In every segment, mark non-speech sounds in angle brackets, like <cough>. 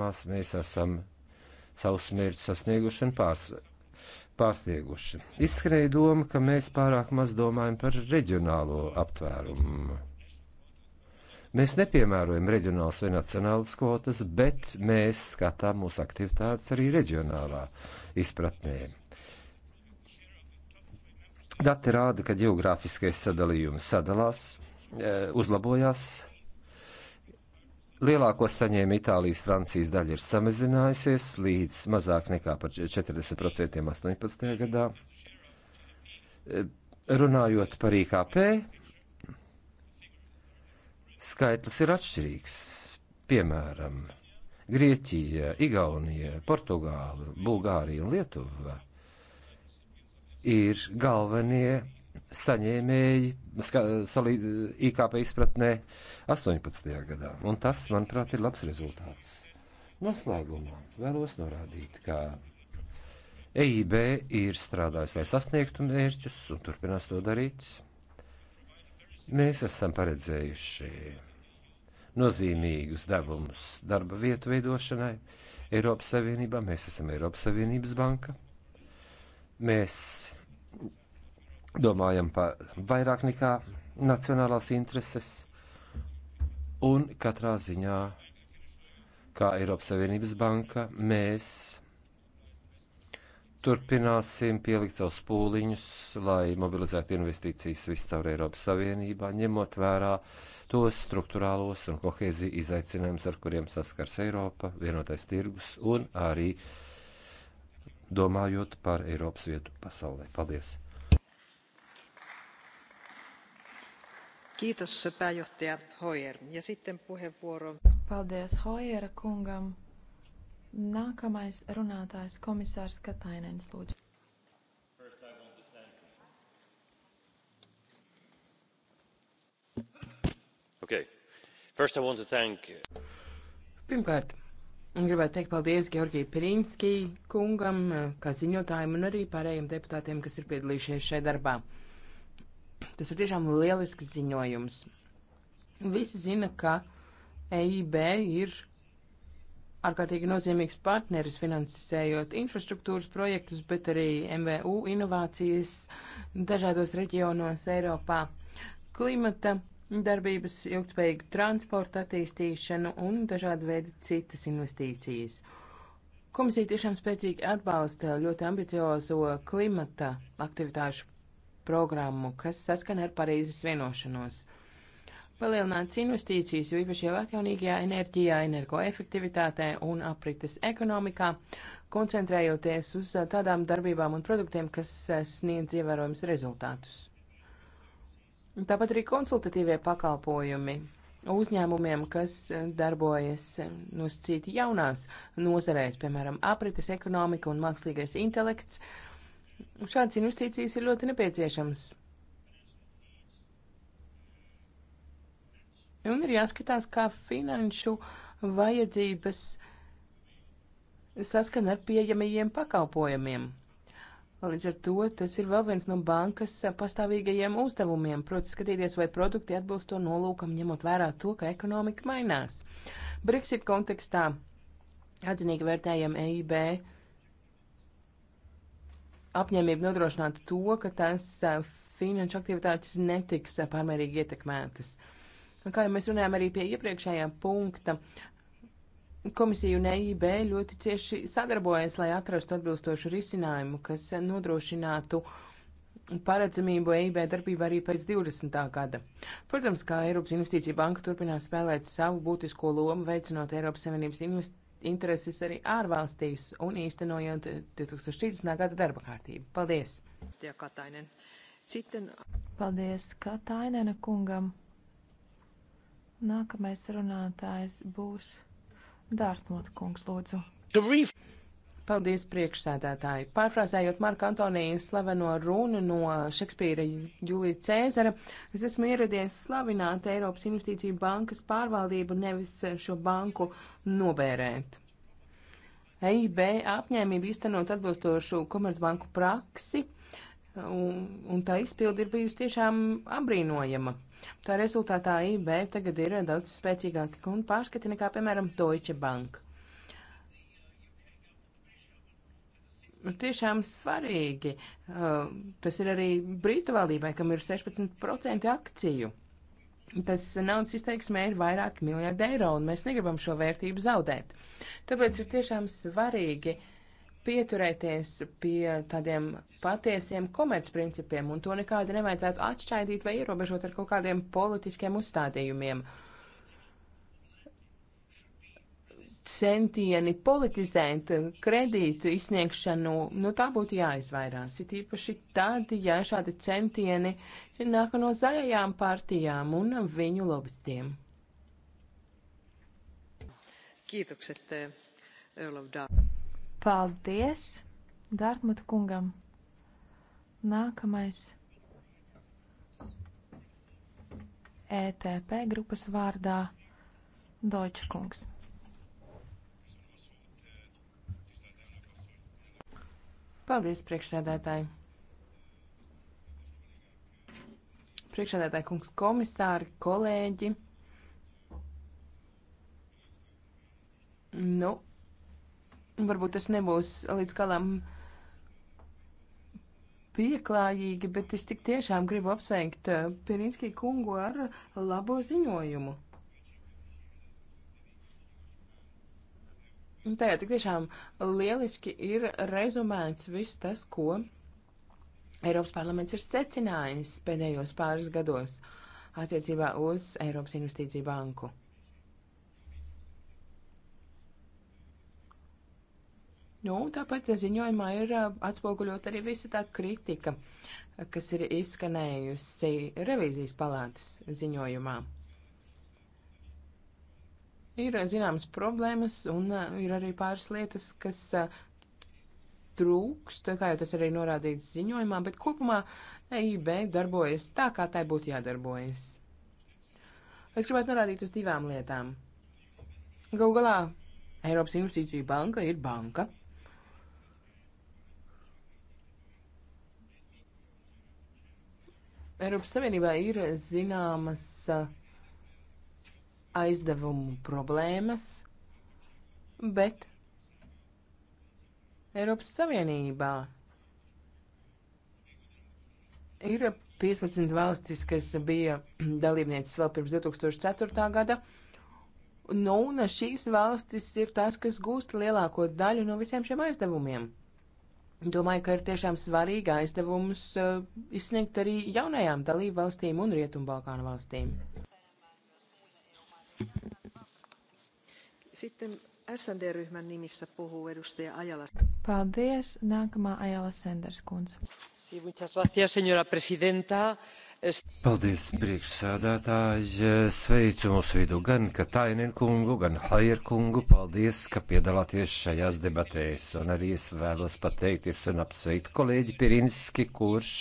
Mēs esam savus mērķus sasnieguši un pārs, pārsnieguši. Izskrēja doma, ka mēs pārāk maz domājam par reģionālo aptvērumu. Mēs nepiemērojam reģionālas vai nacionālas kvotas, bet mēs skatām mūsu aktivitātes arī reģionālā izpratnē. Dati rāda, ka geogrāfiskais sadalījums sadalās, eh, uzlabojās Lielāko saņēmu Itālijas, Francijas daļa ir samazinājusies līdz mazāk nekā par 40% 18. gadā. E, runājot par IKP, skaitlis ir atšķirīgs. Piemēram, Grieķija, Igaunija, Portugāla, Bulgārija un Lietuva ir galvenie saņēmēji ska, salī, IKP izpratnē 18. gadā. Un tas, manuprāt, ir labs rezultāts. Noslēgumā vēlos norādīt, ka EIB ir strādājusi, lai sasniegtu mērķus un turpinās to darīt. Mēs esam paredzējuši nozīmīgus devumus darba vietu veidošanai Eiropas Savienībā. Mēs esam Eiropas Savienības banka. Mēs domājam par vairāk nekā nacionālās intereses un katrā ziņā, kā Eiropas Savienības banka, mēs turpināsim pielikt savus pūliņus, lai mobilizētu investīcijas viscaur Eiropas Savienībā, ņemot vērā tos struktūrālos un kohēziju izaicinājumus, ar kuriem saskars Eiropa, vienotais tirgus un arī domājot par Eiropas vietu pasaulē. Paldies! Kiitos, pääjohtaja Hoyer. Ja sitten puheenvuoro. Paldies Hoyera kungam. Nākamais runātājs komisārs Katainens, lūdzu. Okay. First I want to thank... Uh, Pirmkārt, gribētu teikt paldies Georgiju Pirinskiju kungam, uh, kā ziņotājiem un arī pārējiem deputātiem, kas ir piedalījušies šajā darbā. Tas ir tiešām lielisks ziņojums. Visi zina, ka EIB ir ārkārtīgi nozīmīgs partneris finansējot infrastruktūras projektus, bet arī MVU inovācijas dažādos reģionos Eiropā, klimata darbības, ilgspējīgu transportu attīstīšanu un dažādu veidu citas investīcijas. Komisija tiešām spēcīgi atbalsta ļoti ambiciozo klimata aktivitāšu programmu, kas saskana ar Parīzes vienošanos. Palielināts investīcijas, jo īpaši jau atjaunīgajā enerģijā, energoefektivitātē un aprites ekonomikā, koncentrējoties uz tādām darbībām un produktiem, kas sniedz ievērojams rezultātus. Tāpat arī konsultatīvie pakalpojumi uzņēmumiem, kas darbojas nosacīti jaunās nozarēs, piemēram, aprites ekonomika un mākslīgais intelekts, uh, Šādas investīcijas ir ļoti nepieciešamas. Un ir jāskatās, kā finanšu vajadzības saskana ar pieejamajiem pakalpojumiem. Līdz ar to tas ir vēl viens no bankas pastāvīgajiem uzdevumiem, proti skatīties, vai produkti atbilst to nolūkam, ņemot vērā to, ka ekonomika mainās. Brexit kontekstā atzinīgi vērtējam EIB apņēmību nodrošināt to, ka tās eh, finanšu aktivitātes netiks eh, pārmērīgi ietekmētas. Kā jau mēs runājām arī pie iepriekšējā punkta, komisija un EIB ļoti cieši sadarbojas, lai atrastu atbilstošu risinājumu, kas nodrošinātu paredzamību EIB darbībā arī pēc 20. gada. Protams, kā Eiropas Investīcija banka turpinās spēlēt savu būtisko lomu, veicinot Eiropas Savienības investīciju intereses arī ārvalstīs un īstenojot 2030. gada darba kārtību. Paldies! Tie Katainen. Citen... Paldies Katainena kungam. Nākamais runātājs būs Dārstmota kungs, lūdzu. Paldies, priekšsēdētāji. Pārfrāzējot Marka Antonijas slaveno runu no Šekspīra Julija Cēzara, es esmu ieradies slavināt Eiropas Investīciju bankas pārvaldību, nevis šo banku novērēt. EIB apņēmība iztenot atbilstošu Komercbanku praksi, un, un tā izpildi ir bijusi tiešām apbrīnojama. Tā rezultātā EIB tagad ir daudz spēcīgāka un pārskati nekā, piemēram, Deutsche Bank. Nu, tiešām svarīgi. Uh, tas ir arī Brītu valdībai, kam ir 16% akciju. Tas naudas izteiksmē ir vairāk miljardi eiro, un mēs negribam šo vērtību zaudēt. Tāpēc ir tiešām svarīgi pieturēties pie tādiem patiesiem komercprincipiem, un to nekādi nevajadzētu atšķaidīt vai ierobežot ar kaut kādiem politiskiem uzstādījumiem. Uh, centieni politizēt kredītu izsniegšanu, nu tā būtu jāizvairās. Ir īpaši tad, ja šādi centieni nāk no zaļajām partijām un viņu lobbystiem. Kiitokset, eh, Eulov Paldies Dārtmuta kungam. Nākamais ETP grupas vārdā Deutsche kungs. Paldies, priekšsēdētāji! Priekšsēdētāji kungs komisāri, kolēģi. Nu, varbūt tas nebūs līdz galam pieklājīgi, bet es tik tiešām gribu apsveikt eh, Pirinskī kungu ar labo ziņojumu. Un nu, tajā tik tiešām lieliski ir rezumēts viss tas, ko Eiropas parlaments ir secinājis pēdējos pāris gados attiecībā uz Eiropas investīciju banku. Nu, tāpat ziņojumā ir atspoguļot arī visa tā kritika, kas ir izskanējusi revīzijas palātas ziņojumā. Ir eh, zināmas problēmas un eh, ir arī pāris lietas, kas eh, trūkst, kā jau tas arī norādīts ziņojumā, bet kopumā EIB darbojas tā, kā tai būtu jādarbojas. Es gribētu norādīt uz divām lietām. Galu galā Eiropas Investīciju banka ir banka. Eiropas Savienībā ir zināmas uh, aizdevumu problēmas, bet Eiropas Savienībā ir 15 valstis, kas bija <clears throat> dalībnieces vēl pirms 2004. gada. Nu, un šīs valstis ir tās, kas gūst lielāko daļu no visiem šiem aizdevumiem. Domāju, ka ir tiešām svarīgi aizdevumus uh, izsniegt arī jaunajām dalību valstīm un Rietumbalkānu valstīm. Sitten SND-ryhmän nimissä puhuu edustaja Ajala. Paldies. Nākamā Ajala Senders kundze. Sí, muchas gracias, señora presidenta. Paldies, priekšsēdētāji. Sveicu mūsu vidū gan Katainen kungu, gan Hajer kungu. Paldies, ka piedalāties šajās debatēs. Un arī es vēlos pateikties un apsveikt kolēģi Pirinski, kurš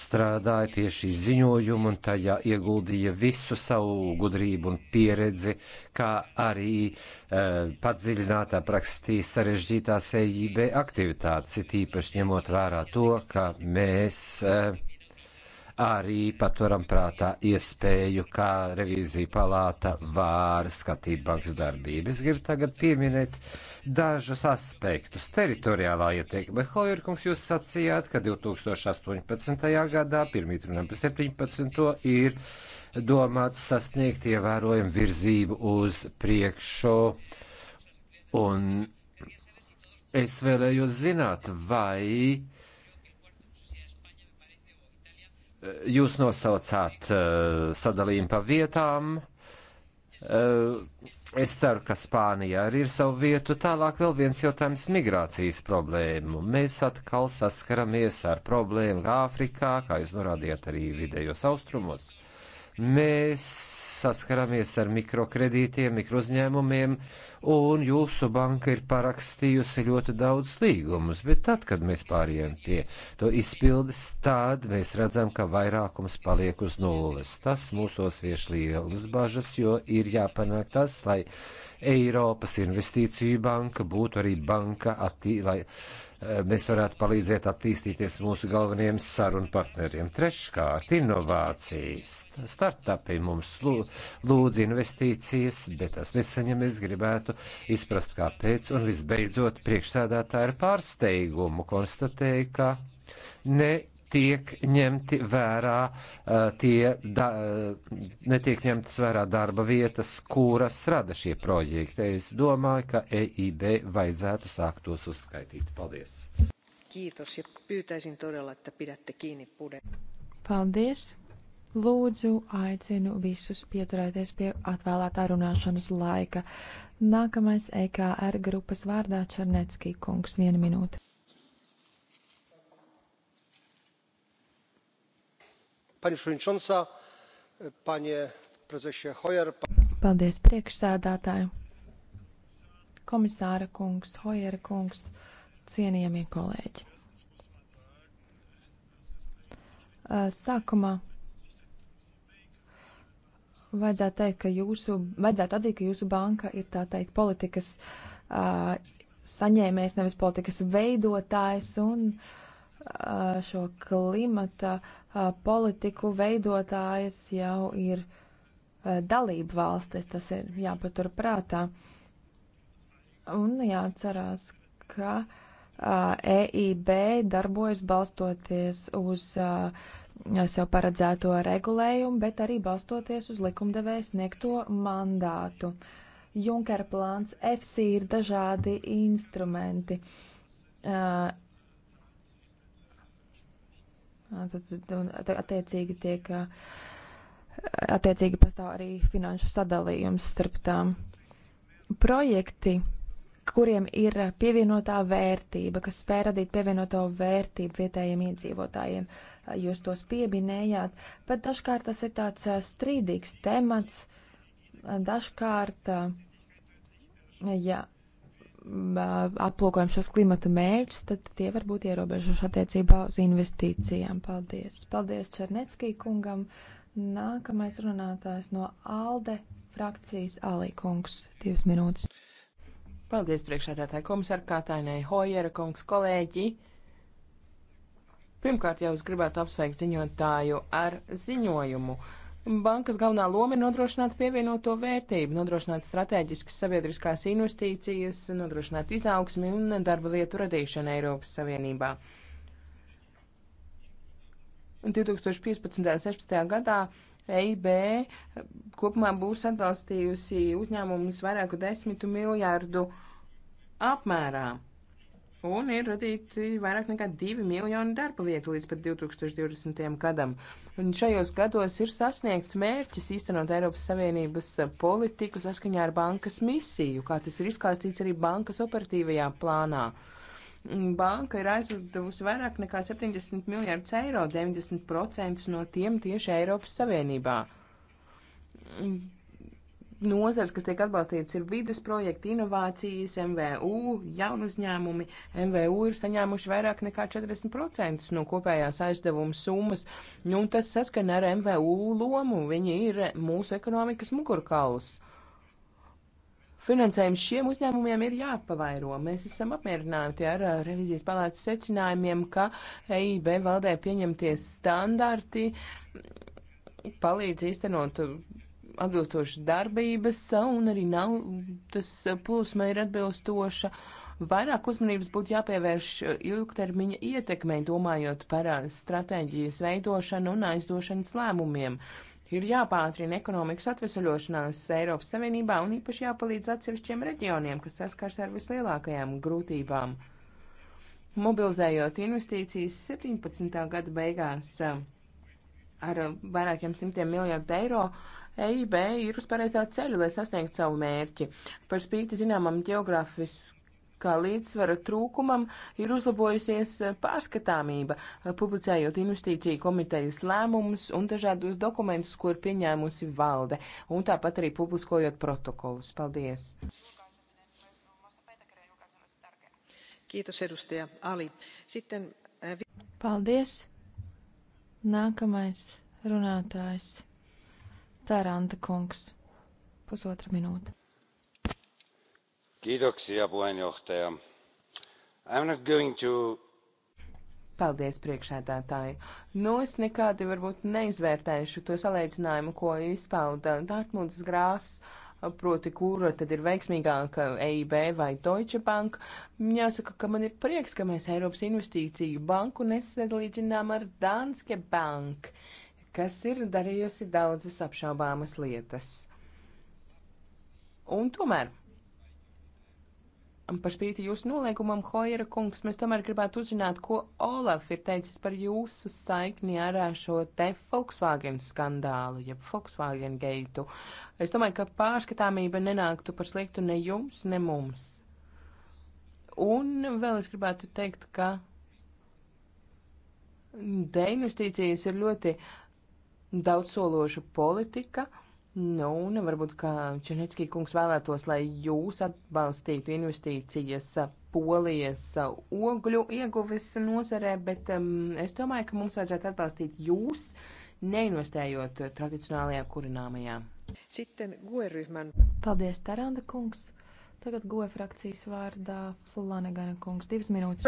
strādāja pie šī ziņojuma un tajā ieguldīja visu savu gudrību un pieredzi, kā arī eh, e, padziļinātā prakstīja sarežģītās EIB aktivitātes, it īpaši ņemot vērā to, ka mēs e, arī paturam prātā iespēju, kā revīzija palāta var skatīt bankas darbību. Es gribu tagad pieminēt dažus aspektus. Teritoriālā ieteikuma Hoirkungs jūs sacījāt, ka 2018. gadā, 1. un 17. ir domāts sasniegt ievērojumu virzību uz priekšu. Un es vēlējos zināt, vai Eh, jūs nosaucāt eh, sadalījumu pa vietām. Eh, es ceru, ka Spānijā arī ir savu vietu. Tālāk vēl viens jautājums - migrācijas problēmu. Mēs atkal saskaramies ar problēmu Āfrikā, kā jūs norādījāt arī vidējos austrumos. Uh, Mēs saskaramies ar mikrokredītiem, mikrouzņēmumiem, un jūsu banka ir parakstījusi ļoti daudz līgumus, bet tad, kad mēs pārējām pie to izpildes, tad mēs redzam, ka vairākums paliek uz nulles. Tas mūsos vieš lielas bažas, jo ir jāpanāk tas, lai Eiropas investīciju banka būtu arī banka, attī, lai Eh, mēs varētu palīdzēt attīstīties mūsu galvenajiem sarunu partneriem. Treškārt, inovācijas. Startupi mums lūdz investīcijas, bet tas nesaņem. Es gribētu izprast, kāpēc. Un visbeidzot, priekšsēdētāji ar pārsteigumu konstatēja, ka ne tiek ņemti vērā, tie da, netiek ņemtas vērā darba vietas, kuras rada šie projekti. Es domāju, ka EIB vajadzētu sākt tos uzskaitīt. Paldies! Kiitos ja pyytäisin todella, että pidätte kiinni pude. Paldies! Lūdzu, aicinu visus pieturēties pie atvēlētā runāšanas laika. Nākamais EKR grupas vārdā Černecki kungs, viena minūte. pani przewodnicząca panie prezese hoyer! paldies priekšsēdētāj komisāra kungs hojera kungs cienījamie kolēģi! sākumā vajadzētu teikt, ka jūsu, vajadzētu atzīt, ka jūsu banka ir tā teikt politikas uh, saņēmējs, nevis politikas veidotājs, un uh, šo klimata politiku veidotājas jau ir dalību valstis, tas ir jāpatur prātā. Un jāatcerās, ka EIB darbojas balstoties uz sev paredzēto regulējumu, bet arī balstoties uz likumdevēja sniegto mandātu. Junker plāns, FC ir dažādi instrumenti. Tad, attiecīgi, tiek, attiecīgi pastāv arī finanšu sadalījums starp tām. Projekti, kuriem ir pievienotā vērtība, kas spēj radīt pievienoto vērtību vietējiem iedzīvotājiem, jūs tos pieminējāt, bet dažkārt tas ir tāds strīdīgs temats, dažkārt, jā, Mm, aplūkojam šos klimata mērķus, tad tie var būt ierobežoši attiecībā uz investīcijām. Paldies! Paldies Černetskij kungam! Nākamais runātājs no ALDE frakcijas Alīkungs, divas minūtes. Paldies priekšādātāji komisāri Kātainai Hojera kungs, kolēģi! Pirmkārt jau es gribētu apsveikt ziņotāju ar ziņojumu. Uh, Bankas galvenā loma ir nodrošināt pievienoto vērtību, nodrošināt strateģiskas sabiedriskās investīcijas, nodrošināt izaugsmi un darba vietu radīšanu Eiropas Savienībā. 2015. un 2016. gadā EIB kopumā būs atbalstījusi uzņēmumus vairāku desmitu miljārdu apmērā un ir radīti vairāk nekā 2 miljoni darba vietu līdz pat 2020. gadam. Un šajos gados ir sasniegts mērķis īstenot Eiropas Savienības politiku saskaņā ar bankas misiju, kā tas ir izklāstīts arī bankas operatīvajā plānā. Banka ir aizdevusi vairāk nekā 70 miljārdus eiro, 90% no tiem tieši Eiropas Savienībā nozars, kas tiek atbalstītas, ir vidas projekti, inovācijas, MVU, jaunu uzņēmumi. MVU ir saņēmuši vairāk nekā 40% no kopējās aizdevuma summas. Nu, tas saskan ar MVU lomu. Viņi ir mūsu ekonomikas mugurkauls. Finansējums šiem uzņēmumiem ir jāpavairo. Mēs esam apmierināti ar uh, revizijas palātas secinājumiem, ka EIB valdē pieņemties standarti palīdz īstenot atbilstošas darbības, un arī nav, tas plūsma ir atbilstoša. Vairāk uzmanības būtu jāpievērš ilgtermiņa ietekmei, domājot par stratēģijas veidošanu un aizdošanas lēmumiem. Ir jāpātrina ekonomikas atvesaļošanās Eiropas Savienībā un īpaši jāpalīdz atsevišķiem reģioniem, kas saskars ar vislielākajām grūtībām. Mobilizējot investīcijas 17. gada beigās ar vairākiem simtiem miljardu eiro, uh, EIB ir uz pareizā ceļa, lai sasniegtu savu mērķi. Par spīti zināmam geogrāfiski kā līdzsvara trūkumam ir uzlabojusies pārskatāmība, publicējot investīciju komitejas lēmumus un dažādus dokumentus, ko ir pieņēmusi valde, un tāpat arī publiskojot protokolus. Paldies! Kiitos edustaja Ali. Sitten... Eh, Paldies! Nākamais runātājs. Tēranta kungs, pusotra minūte. Kiitoksia, puheenjohtaja. I'm not going to Paldies, priekšētātāji. Nu, es nekādi varbūt neizvērtēšu to salīdzinājumu, ko izpauda Dārtmūdzes grāfs, proti, kura tad ir veiksmīgāka EIB vai Deutsche Bank. Jāsaka, ka man ir prieks, ka mēs Eiropas investīciju banku nesadalīdzinām ar Danske Bank kas ir darījusi daudzas apšaubāmas lietas. Un tomēr, par spīti jūsu noliegumam, Hoira kungs, mēs tomēr gribētu uzzināt, ko Olaf ir teicis par jūsu saikni ar šo te Volkswagen skandālu, jeb Volkswagen geitu. Es domāju, ka pārskatāmība nenāktu par sliktu ne jums, ne mums. Un vēl es gribētu teinkt, ka deinvestīcijas ir ļoti daudzsološa politika. Nu, un varbūt, ka Černeckī kungs vēlētos, lai jūs atbalstītu investīcijas polijas ogļu ieguves nozarē, bet um, es domāju, ka mums vajadzētu atbalstīt jūs, neinvestējot tradicionālajā kurināmajā. Sitten goeryhmän. Paldies, Taranda kungs. Tagad goe frakcijas vārdā Flanagana kungs. Divas minūtes.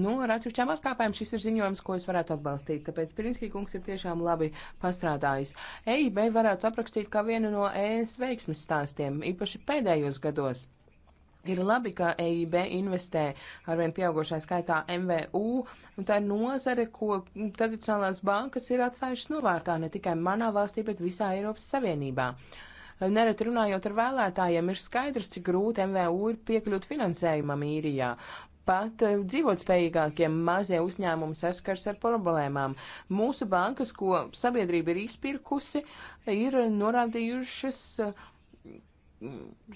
Nu, ar atsevišķām atkāpēm šis ir ziņojums, ko es varētu atbalstīt, tāpēc Pirinskī kungs ir tiešām labi pastrādājis. EIB varētu aprakstīt kā vienu no ES veiksmes stāstiem, īpaši pēdējos gados. Ir labi, ka EIB investē arvien pieaugušā skaitā MVU, un tā ir nozare, ko tradicionālās bankas ir atstājušas novārtā ne tikai manā valstī, bet visā Eiropas Savienībā. Nereti runājot ar vēlētājiem, ir skaidrs, cik grūti MVU ir piekļūt finansējumam īrijā, pat eh, dzīvotspējīgākiem mazie uzņēmumi saskars ar problēmām. Mūsu bankas, ko sabiedrība ir izpirkusi, ir norādījušas eh,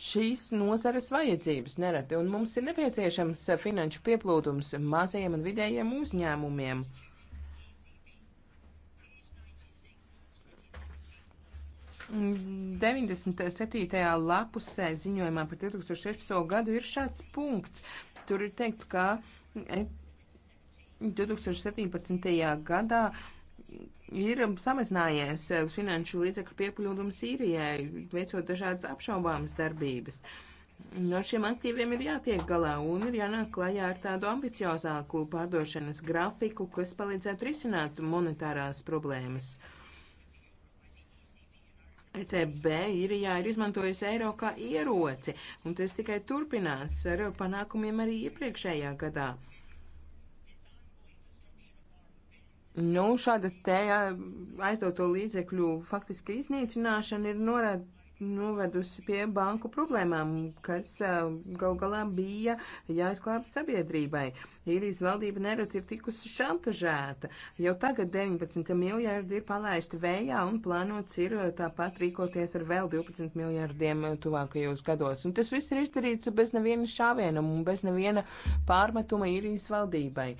šīs nozares vajadzības nereti, un mums ir nepieciešams finanšu pieplūdums mazajiem un vidējiem uzņēmumiem. Deviņdesmit septītajā lapusē ziņojumā par 2016. gadu ir šāds punkts. Tur ir teikts, ka 2017. E, gadā ir samazinājies finanšu līdzekļu piepildījums Sīrijai, veicot dažādas apšaubāmas darbības. No šiem aktīviem ir jātiek galā un ir jānāk klajā ar tādu ambiciozāku pārdošanas grafiku, kas palīdzētu risināt monetārās problēmas. ECB īrijā ir izmantojusi eiro kā ieroci, un tas tikai turpinās ar panākumiem arī iepriekšējā gadā. Nu, šāda te aizdoto līdzekļu faktiska iznīcināšana ir norāda novedusi pie banku problēmām, kas gal galā bija jāizklāp sabiedrībai. Īrijas valdība nerad ir tikusi šantažēta. Jau tagad 19 miljārdi ir palaisti vējā un plānots ir tāpat rīkoties ar vēl 12 miljārdiem tuvākajos gados. Un tas viss ir izdarīts bez neviena šāviena un bez neviena pārmetuma īrijas valdībai.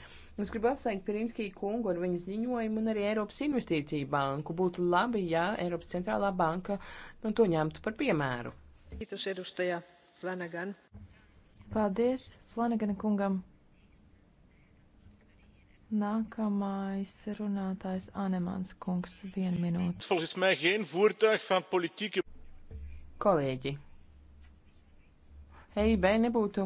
Es gribu apsveikt Pirinskiju kungu ar viņa ziņojumu un arī Eiropas investīciju banku. Būtu labi, ja Eiropas centrālā banka man nu to ņemtu par piemēru. Kiitos edustaja Flanagan. Paldies Flanagana kungam. Nākamais runātājs Anemans kungs, vienu minūti. Kolēģi, EIB nebūtu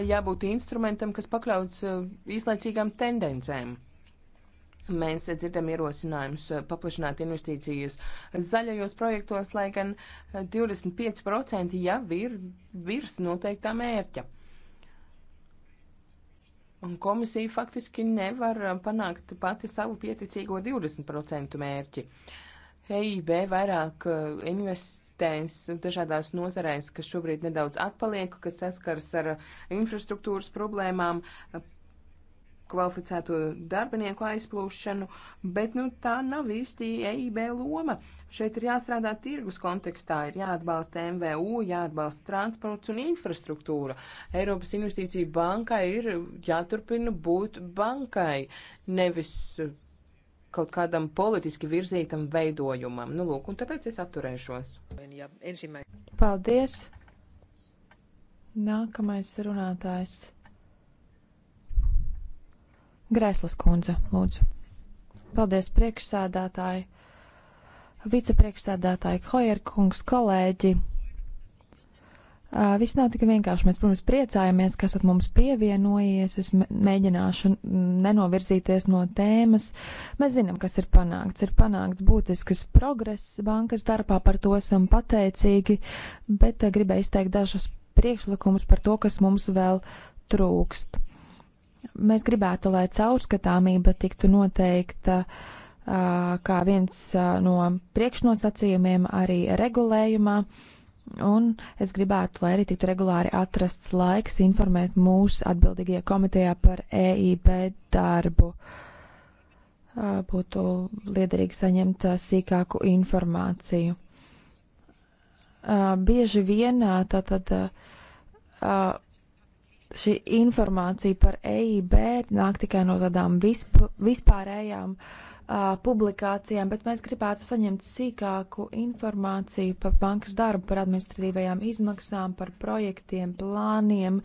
jābūt instrumentam, kas pakļauts uh, īslaicīgām tendencēm. Mēs dzirdam ierosinājumus uh, paplašināt investīcijas zaļajos projektos, lai gan 25% uh, jau ir virs noteiktā mērķa. Un komisija faktiski nevar panākt pati savu pieticīgo 20% mērķi. EIB vairāk invest komitejas dažādās nozarēs, kas šobrīd nedaudz atpaliek, kas saskars ar infrastruktūras problēmām, kvalificēto darbinieku aizplūšanu, bet nu, tā nav īsti EIB loma. Šeit ir jāstrādā tirgus kontekstā, ir jāatbalsta MVU, jāatbalsta transports un infrastruktūra. Eiropas Investīcija bankai ir jāturpina būt bankai, nevis kaut kādam politiski virzītam veidojumam. Nu, lūk, un tāpēc es atturēšos. Paldies! Nākamais runātājs. Grēslas kundze, lūdzu. Paldies, priekšsēdētāji, vicepriekšsēdētāji, Hojerkungs, kolēģi. Viss nav tik vienkārši. Mēs, protams, priecājamies, ka esat mums pievienojies. Es mēģināšu nenovirzīties no tēmas. Mēs zinām, kas ir panākts. Ir panākts būtisks progress bankas darbā, par to esam pateicīgi, bet gribēju izteikt dažus priekšlikumus par to, kas mums vēl trūkst. Mēs gribētu, lai caurskatāmība tiktu noteikta kā viens no priekšnosacījumiem arī regulējumā Un es gribētu, lai arī tiktu regulāri atrasts laiks informēt mūsu atbildīgajā komitejā par EIB darbu. Būtu liederīgi saņemt sīkāku informāciju. Bieži vien tātad šī informācija par EIB nāk tikai no tādām visp vispārējām uh, publikācijām, bet mēs gribētu saņemt sīkāku informāciju par bankas darbu, par administratīvajām izmaksām, par projektiem, plāniem,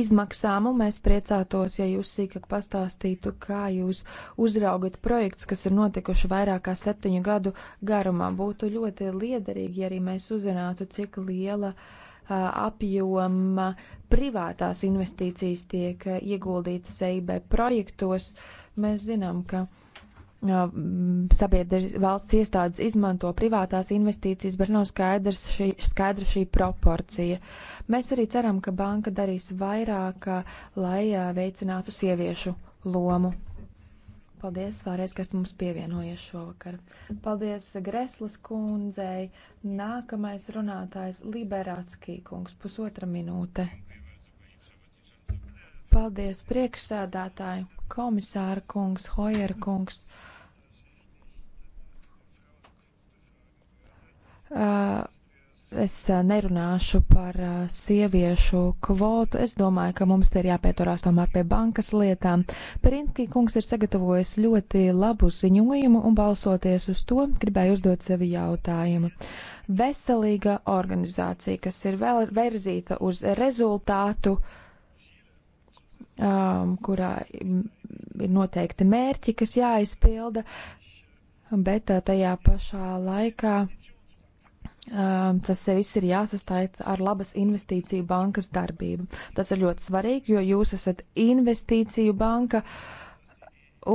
izmaksām, un mēs priecātos, ja jūs sīkāk pastāstītu, kā jūs uzraugat projekts, kas ir notikuši vairāk kā septiņu gadu garumā. Būtu ļoti liederīgi, ja arī mēs uzzinātu, cik liela apjoma privātās investīcijas tiek ieguldītas EIB projektos. Mēs zinām, ka uh, Mm, sabiedrības valsts iestādes izmanto privātās investīcijas, bet nav skaidrs šī, skaidra šī proporcija. Mēs arī ceram, ka banka darīs vairāk, lai veicinātu sieviešu lomu. Paldies vēlreiz, kas mums pievienojies šovakar. Paldies Greslas kundzei. Nākamais runātājs Liberāckī kungs, pusotra minūte. Paldies priekšsēdētāju, komisāra kungs, Hojera kungs. Uh, Uh, es uh, nerunāšu par uh, sieviešu kvotu. Es domāju, ka mums te ir jāpieturās tomēr pie bankas lietām. Perinskī kungs ir sagatavojis ļoti labu ziņojumu un balsoties uz to, gribēju uzdot sevi jautājumu. Veselīga organizācija, kas ir vēl verzīta uz rezultātu, um, kurā ir noteikti mērķi, kas jāizpilda, bet tajā pašā laikā Tas viss ir jāsastāv ar labas investīciju bankas darbību. Tas ir ļoti svarīgi, jo jūs esat investīciju banka.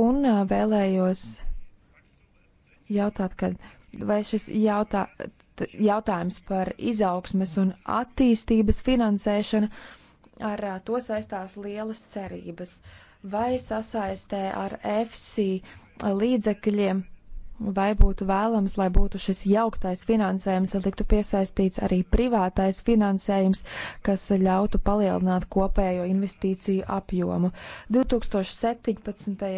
Un vēlējos jautāt, kad, vai šis jautā, jautājums par izaugsmes un attīstības finansēšanu ar to saistās lielas cerības, vai sasaistē ar EFSI līdzekļiem vai būtu vēlams, lai būtu šis jauktais finansējums, lai tiktu piesaistīts arī privātais finansējums, kas ļautu palielināt kopējo investīciju apjomu. 2017.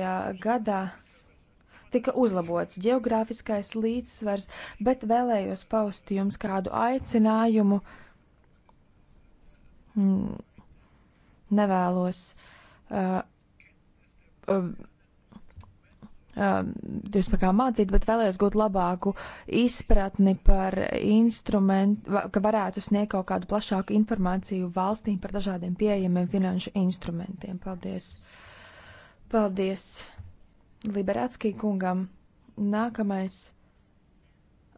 gadā tika uzlabots geogrāfiskais līdzsvars, bet vēlējos paust jums kādu aicinājumu. Mm, nevēlos. Uh, uh, jūs tā kā mācīt, bet vēlējos gūt labāku izpratni par instrumentu, ka varētu sniegt kaut kādu plašāku informāciju valstīm par dažādiem pieejamiem finanšu instrumentiem. Paldies! Paldies Liberāckī kungam! Nākamais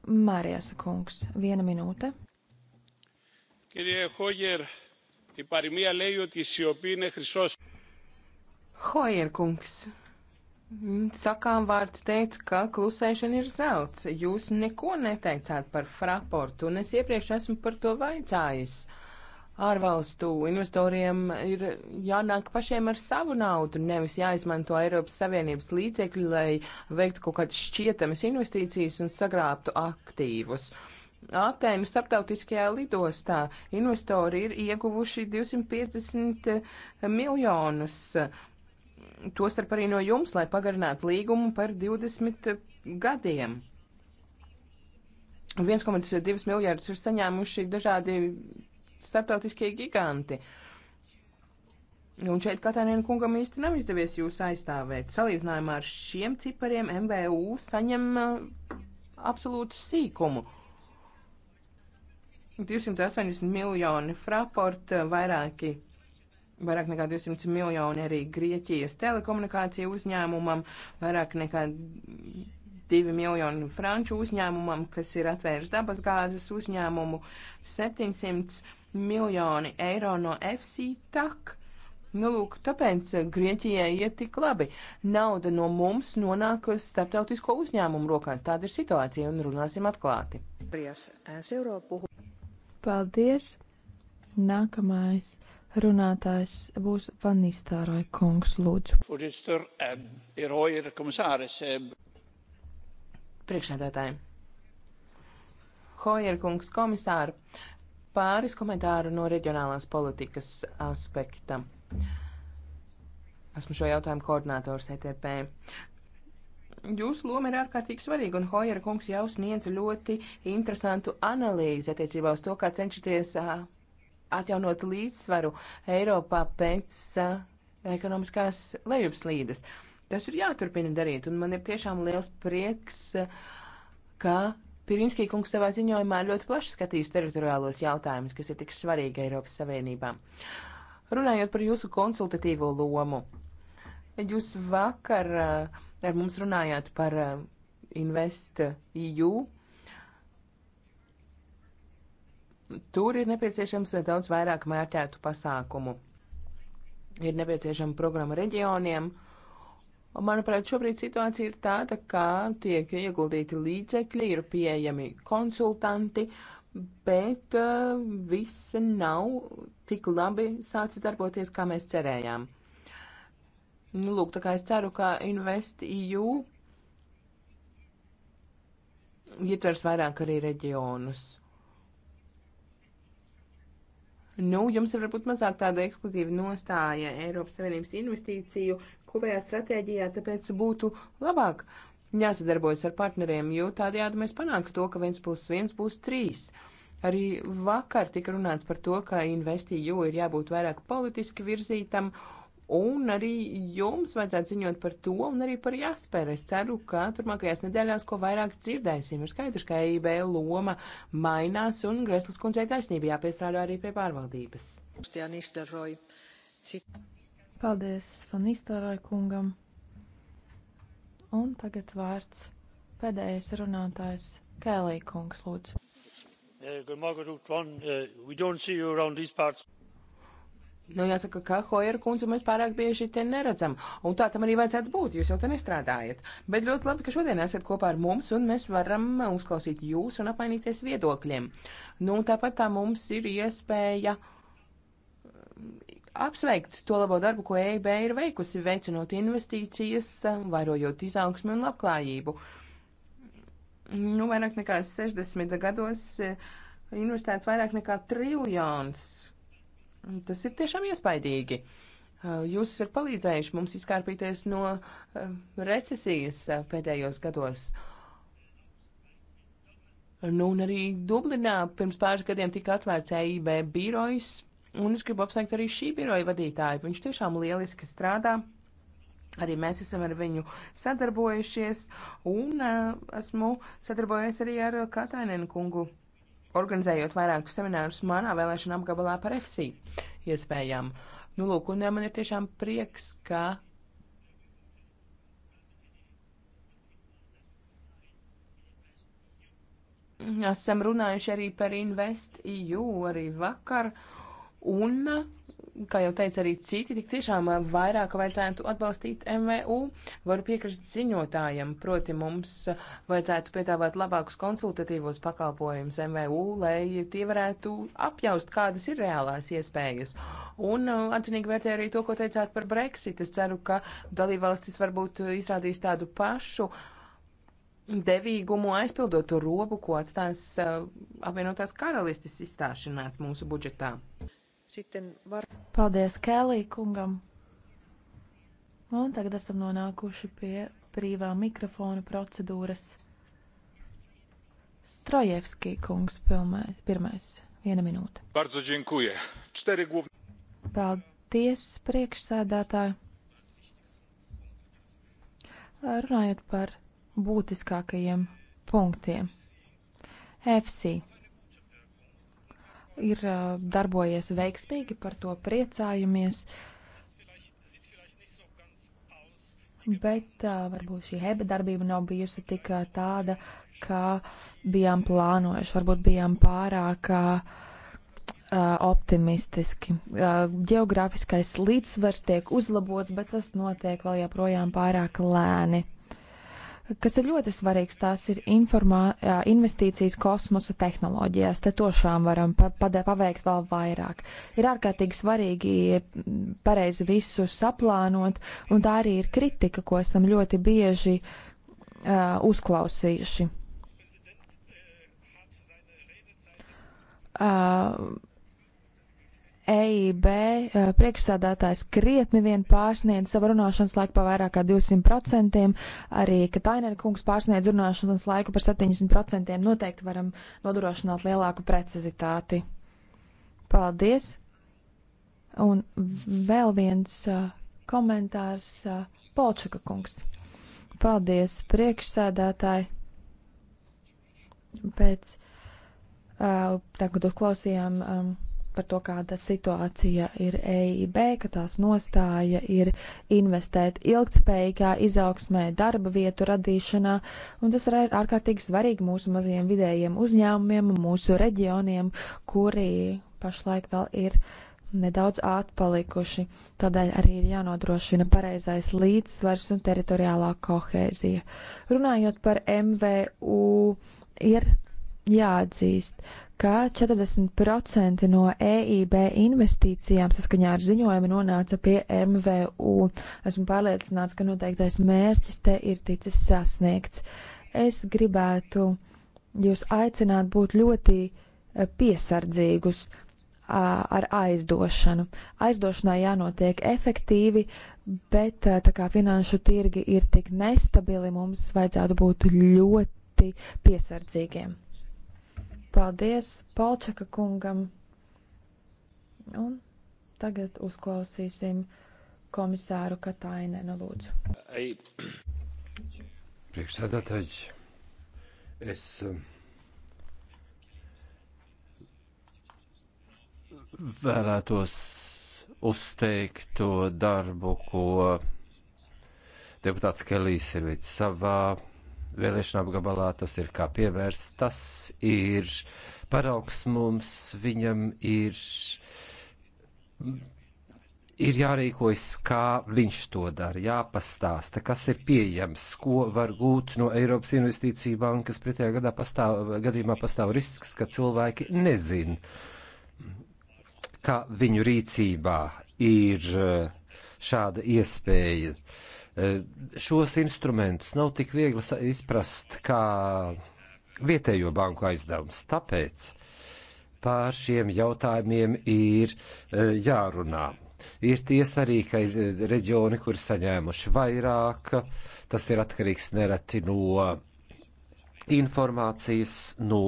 Mārijas kungs. Viena minūte. Kirie Hojer, η παροιμία λέει ότι η σιωπή είναι χρυσός. Χόιερ κούγκς. Mm, Sakām vārds teica, ka klusēšana ir zelts. Jūs neko neteicāt par fraportu, un es iepriekš esmu par to vaicājis. Ārvalstu investoriem ir jānāk pašiem ar savu naudu, nevis jāizmanto Eiropas Savienības līdzekļi, lai veiktu kaut kādas šķietamas investīcijas un sagrābtu aktīvus. Atēnu starptautiskajā lidostā investori ir ieguvuši 250 miljonus eiro tostarp arī no jums, lai pagarinātu līgumu par 20 gadiem. 1,2 miljārdus ir saņēmuši dažādi starptautiskie giganti. Un šeit Katāniem kungam īsti nav izdevies jūs aizstāvēt. Salīdzinājumā ar šiem cipariem MVU saņem uh, absolūtu sīkumu. 280 miljoni fraporta, uh, vairāki vairāk nekā 200 miljoni arī Grieķijas telekomunikāciju uzņēmumam, vairāk nekā 2 miljoni franču uzņēmumam, kas ir atvēris dabasgāzes uzņēmumu, 700 miljoni eiro no FC tak. Nu, lūk, tāpēc Grieķijai iet tik labi. Nauda no mums nonāk starptautisko uzņēmumu rokās. Tāda ir situācija un runāsim atklāti. Paldies! Nākamais Runātājs būs Vanistāroja kungs, lūdzu. Eh, Priekšsēdētāji. Hojer kungs komisāru pāris komentāru no reģionālās politikas aspekta. Esmu šo jautājumu koordinators ETP. Jūsu loma ir ārkārtīgi svarīga, un Hojera kungs jau sniedz ļoti interesantu analīzi attiecībā uz to, kā cenšaties atjaunot līdzsvaru Eiropā pēc uh, ekonomiskās lejupslīdes. Tas ir jāturpina darīt, un man ir tiešām liels prieks, uh, ka Pirinskī kungs savā ziņojumā ļoti plaši skatīs teritoriālos jautājumus, kas ir tik svarīgi Eiropas Savienībā. Runājot par jūsu konsultatīvo lomu, jūs vakar uh, ar mums runājāt par uh, Invest EU Tur ir nepieciešams daudz vairāk mērķētu pasākumu. Ir nepieciešama programma reģioniem. Manuprāt, šobrīd situācija ir tāda, ka tiek ieguldīti līdzekļi, ir pieejami konsultanti, bet uh, viss nav tik labi sācis darboties, kā mēs cerējām. Nu, lūk, tā kā es ceru, ka InvestEU ietvers vairāk arī reģionus. Nu, jums ir varbūt mazāk tāda ekskluzīva nostāja Eiropas Savienības investīciju kopējā stratēģijā, tāpēc būtu labāk jāsadarbojas ar partneriem, jo tādējādi mēs panāktu to, ka viens plus viens būs trīs. Arī vakar tika runāts par to, ka investīju ir jābūt vairāk politiski virzītam Un arī jums vajadzētu ziņot par to un arī par jāspēr. Es ceru, ka turmākajās nedēļās ko vairāk dzirdēsim. Ir skaidrs, ka EIB loma mainās un Greslis kundzei taisnība jāpiestrādā arī pie pārvaldības. Paldies Fanistāroj kungam. Un tagad vārds pēdējais runātājs Kēlī kungs lūdzu. Uh, Nu, jāsaka, ka Hojer kundzu mēs pārāk bieži te neredzam, un tā tam arī vajadzētu būt, jūs jau te nestrādājat. Bet ļoti labi, ka šodien esat kopā ar mums, un mēs varam uzklausīt jūs un apmainīties viedokļiem. Nu, tāpat tā mums ir iespēja um, apsveikt to labo darbu, ko EIB ir veikusi, veicinot investīcijas, vairojot izaugsmi un labklājību. Nu, vairāk nekā 60 gados eh, investēts vairāk nekā triljons Tas ir tiešām iespaidīgi. Uh, jūs esat palīdzējuši mums izkārpīties no uh, recesijas uh, pēdējos gados. Nu, un arī Dublinā pirms pāris gadiem tika atvērts EIB birojs, un es gribu apsveikt arī šī biroja vadītāju. Viņš tiešām lieliski strādā. Arī mēs esam ar viņu sadarbojušies, un uh, esmu sadarbojies arī ar Katainēnu kungu organizējot vairākus seminārus manā vēlēšana apgabalā par FC iespējām. Nu, lūk, un man ir tiešām prieks, ka esam runājuši arī par InvestEU arī vakar, un kā jau teica arī citi, tik tiešām vairāk vajadzētu atbalstīt MVU. Varu piekrist ziņotājiem, proti mums vajadzētu piedāvāt labākus konsultatīvos pakalpojumus MVU, lai tie varētu apjaust, kādas ir reālās iespējas. Un atzinīgi vērtēju arī to, ko teicāt par Brexit. Es ceru, ka dalībvalstis varbūt izrādīs tādu pašu devīgumu aizpildot to robu, ko atstās uh, apvienotās karalistes izstāšanās mūsu budžetā. Sitten var... Paldies Kēlī kungam. Un tagad esam nonākuši pie brīvā mikrofona procedūras. Strojevski kungs pilmais, pirmais. Viena minūte. Bardzo dziękuję. Četiri główne. Paldies, priekšsēdētāji. Runājot par būtiskākajiem punktiem. FC ir darbojies veiksmīgi, par to priecājamies. Bet varbūt šī heba darbība nav bijusi tik tāda, kā bijām plānojuši. Varbūt bijām pārāk uh, optimistiski. Uh, geogrāfiskais līdzsvars tiek uzlabots, bet tas notiek vēl joprojām pārāk lēni kas ir ļoti svarīgs, tās ir informā, investīcijas kosmosa tehnoloģijās. Te tošām varam pa, pa, paveikt vēl vairāk. Ir ārkārtīgi svarīgi pareizi visu saplānot, un tā arī ir kritika, ko esam ļoti bieži uh, uzklausījuši. Uh, EIB eh, priekšsādātājs krietni vien pārsniedz savu runāšanas laiku par vairāk kā 200%, arī Katainēra kungs pārsniedz runāšanas laiku par 70%, noteikti varam nodrošināt lielāku precizitāti. Paldies! Un vēl viens uh, komentārs uh, Polčaka kungs. Paldies, priekšsēdētāji! Pēc uh, tā, kad uzklausījām um, par to, kāda situācija ir EIB, ka tās nostāja ir investēt ilgtspējīgā izaugsmē, darba vietu radīšanā, un tas ir ārkārtīgi svarīgi mūsu mazajiem vidējiem uzņēmumiem, mūsu reģioniem, kuri pašlaik vēl ir nedaudz atpalikuši. Tādēļ arī ir jānodrošina pareizais līdzsvars un teritoriālā kohēzija. Runājot par MVU, ir jāatzīst, ka 40% no EIB investīcijām saskaņā ar ziņojumu nonāca pie MVU. Esmu pārliecināts, ka noteiktais mērķis te ir ticis sasniegts. Es gribētu jūs aicināt būt ļoti eh, piesardzīgus ar aizdošanu. Aizdošanai jānotiek efektīvi, bet eh, tā kā finanšu tirgi ir tik nestabili, mums vajadzētu būt ļoti piesardzīgiem. Paldies Polčaka kungam. Un tagad uzklausīsim komisāru Katainenu lūdzu. Priekšsēdētāji, es um, vēlētos uzteikt to darbu, ko deputāts Kelijs ir veids savā vēlēšana apgabalā, tas ir kā pievērsts, tas ir paraugs mums, viņam ir, ir jārīkojas, kā viņš to dara, jāpastāsta, kas ir pieejams, ko var gūt no Eiropas investīciju bankas, pretējā gadā pastāv, gadījumā pastāv risks, ka cilvēki nezin, ka viņu rīcībā ir eh, šāda iespēja. Uh, Eh, šos instrumentus nav tik viegli izprast kā vietējo banku aizdevums. Tāpēc pār šiem jautājumiem ir eh, jārunā. Ir tiesa arī, ka ir eh, reģioni, kur saņēmuši vairāk, tas ir atkarīgs nereti no informācijas, no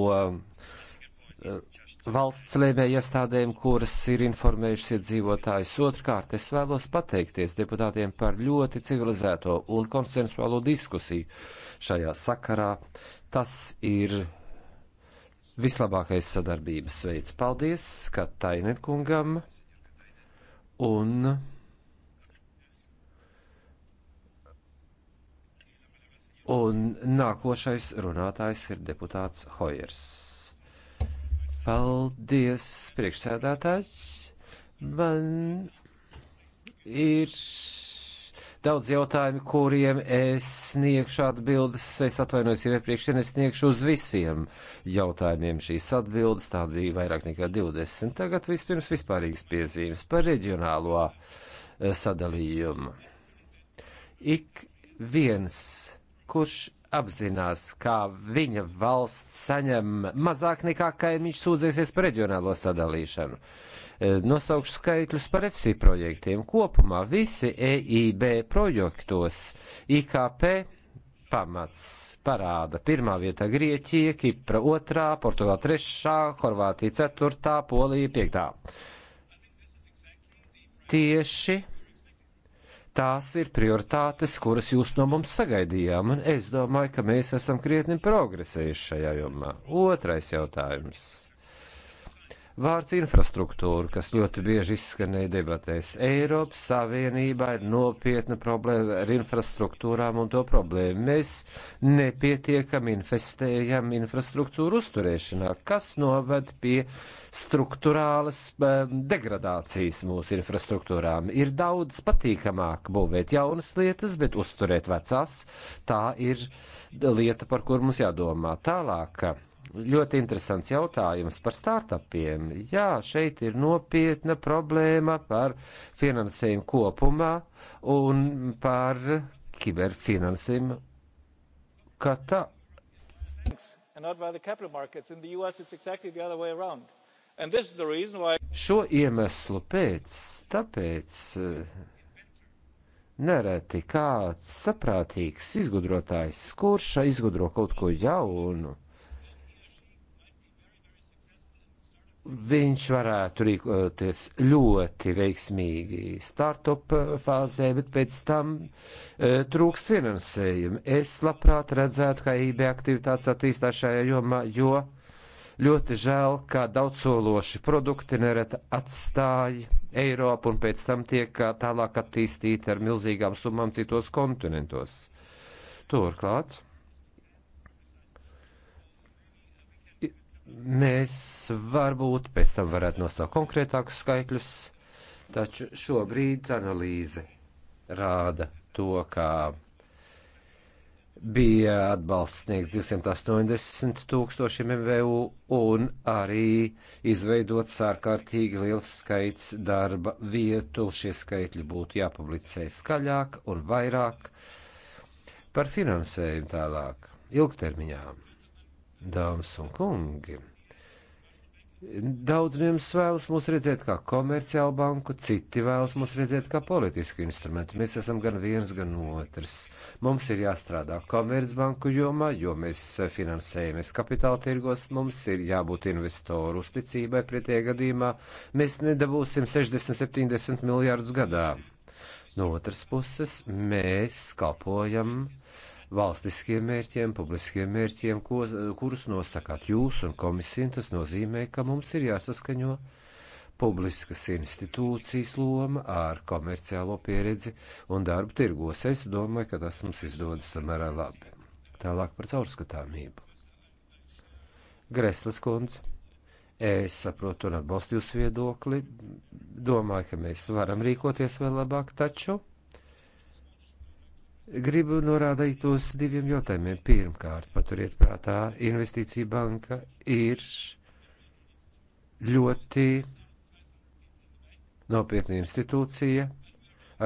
valsts lēmēja iestādēm, kuras ir informējušas iedzīvotājus. Otrkārt, es vēlos pateikties deputātiem par ļoti civilizēto un konsensuālo diskusiju šajā sakarā. Tas ir vislabākais sadarbības veids. Paldies Katainenkungam un Un nākošais runātājs ir deputāts Hojers. Paldies, priekšsēdētājs. Man ir daudz jautājumu, kuriem es sniegšu atbildes. Es atvainojos jau iepriekš, ja nesniegšu uz visiem jautājumiem šīs atbildes. Tā bija vairāk nekā 20. Tagad vispirms vispārīgas piezīmes par reģionālo eh, sadalījumu. Ik viens, kurš apzinās, kā viņa valsts saņem mazāk nekā kaimiņš sūdzēsies par reģionālo sadalīšanu. E, nosaukšu skaitļus par FC projektiem. Kopumā visi EIB projektos IKP pamats parāda. Pirmā vietā Grieķija, Kipra otrā, Portugāla trešā, Horvātija ceturtā, Polija piektā. Tieši Tās ir prioritātes, kuras jūs no mums sagaidījām, un es domāju, ka mēs esam krietni progresējuši šajā jomā. Otrais jautājums Vārds infrastruktūra, kas ļoti bieži izskanēja debatēs. Eiropas Savienībā ir nopietna problēma ar infrastruktūrām un to problēmu. Mēs nepietiekam investējam infrastruktūru uzturēšanā, kas noved pie struktūrālas degradācijas mūsu infrastruktūrām. Ir daudz patīkamāk būvēt jaunas lietas, bet uzturēt vecās. Tā ir lieta, par kur mums jādomā tālāk Ļoti interesants jautājums par startupiem. Jā, šeit ir nopietna problēma par finansējumu kopumā un par kiberfinansējumu. Kā tā? Šo iemeslu pēc, tāpēc eh, nereti kāds saprātīgs izgudrotājs, kurš izgudro kaut ko jaunu viņš varētu rīkoties ļoti veiksmīgi startup fāzē, bet pēc tam e, trūkst finansējumu. Es labprāt redzētu, kā IB aktivitātes attīstās šajā jomā, jo ļoti žēl, kā daudzsološi produkti nereti atstāja Eiropu un pēc tam tiek tālāk attīstīti ar milzīgām summām citos kontinentos. Turklāt Mēs varbūt pēc tam varētu nosaukt konkrētākus skaitļus, taču šobrīd analīze rāda to, ka bija atbalsts sniegts 280 tūkstošiem MVU un arī izveidots ārkārtīgi liels skaits darba vietu. Šie skaitļi būtu jāpublicē skaļāk un vairāk par finansējumu tālāk, ilgtermiņām dāmas un kungi. Daudziem vēlas mūs redzēt kā komerciālu banku, citi vēlas mūs redzēt kā politisku instrumentu. Mēs esam gan viens, gan otrs. Mums ir jāstrādā komercbanku jomā, jo mēs finansējamies kapitāla tirgos, mums ir jābūt investoru uzticībai pretie gadījumā. Mēs nedabūsim 60-70 miljārdus gadā. No otras puses, mēs kalpojam uh, valstiskiem mērķiem, publiskiem mērķiem, ko, kurus nosakāt jūs un komisija. Tas nozīmē, ka mums ir jāsaskaņo publiskas institūcijas loma ar komerciālo pieredzi un darbu tirgos. Es domāju, ka tas mums izdodas samērā labi. Tālāk par caurskatāmību. Greslas kundze, es saprotu un atbalstu jūsu viedokli. Domāju, ka mēs varam rīkoties vēl labāk, taču Gribu norādīt uz diviem jautājumiem. Pirmkārt, paturiet prātā, investīcija banka ir ļoti nopietna institūcija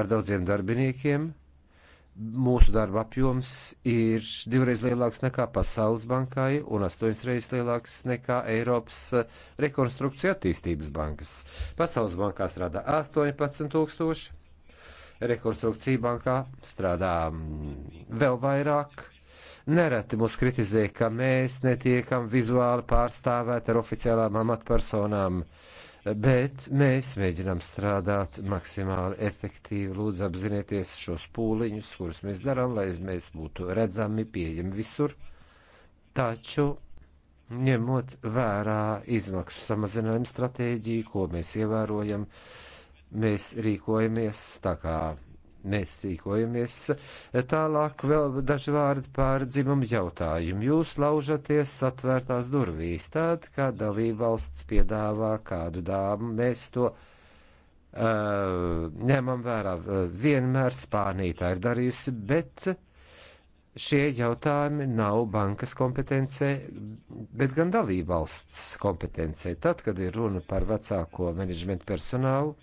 ar daudziem darbiniekiem. Mūsu darba apjoms ir divreiz lielāks nekā Pasaules bankai un astoņas reizes lielāks nekā Eiropas Rekonstrukcija attīstības bankas. Pasaules bankā strādā 18 tūkstoši rekonstrukcija bankā strādā mm, vēl vairāk. Nereti mūs kritizē, ka mēs netiekam vizuāli pārstāvēt ar oficiālām amatpersonām, bet mēs mēģinām strādāt maksimāli efektīvi. Lūdzu, apzinieties šos pūliņus, kurus mēs darām, lai mēs būtu redzami, pieejami visur. Taču ņemot vērā izmaksu samazinājumu stratēģiju, ko mēs ievērojam, uh, mēs rīkojamies tā kā mēs rīkojamies. Tālāk vēl daži vārdi par dzimumu jautājumu. Jūs laužaties atvērtās durvīs, tad, kad dalībvalsts piedāvā kādu dāmu, mēs to uh, ņemam vērā. Vienmēr Spānija tā ir darījusi, bet šie jautājumi nav bankas kompetencē, bet gan dalībvalsts kompetencē. Tad, kad ir runa par vecāko menedžmentu personālu,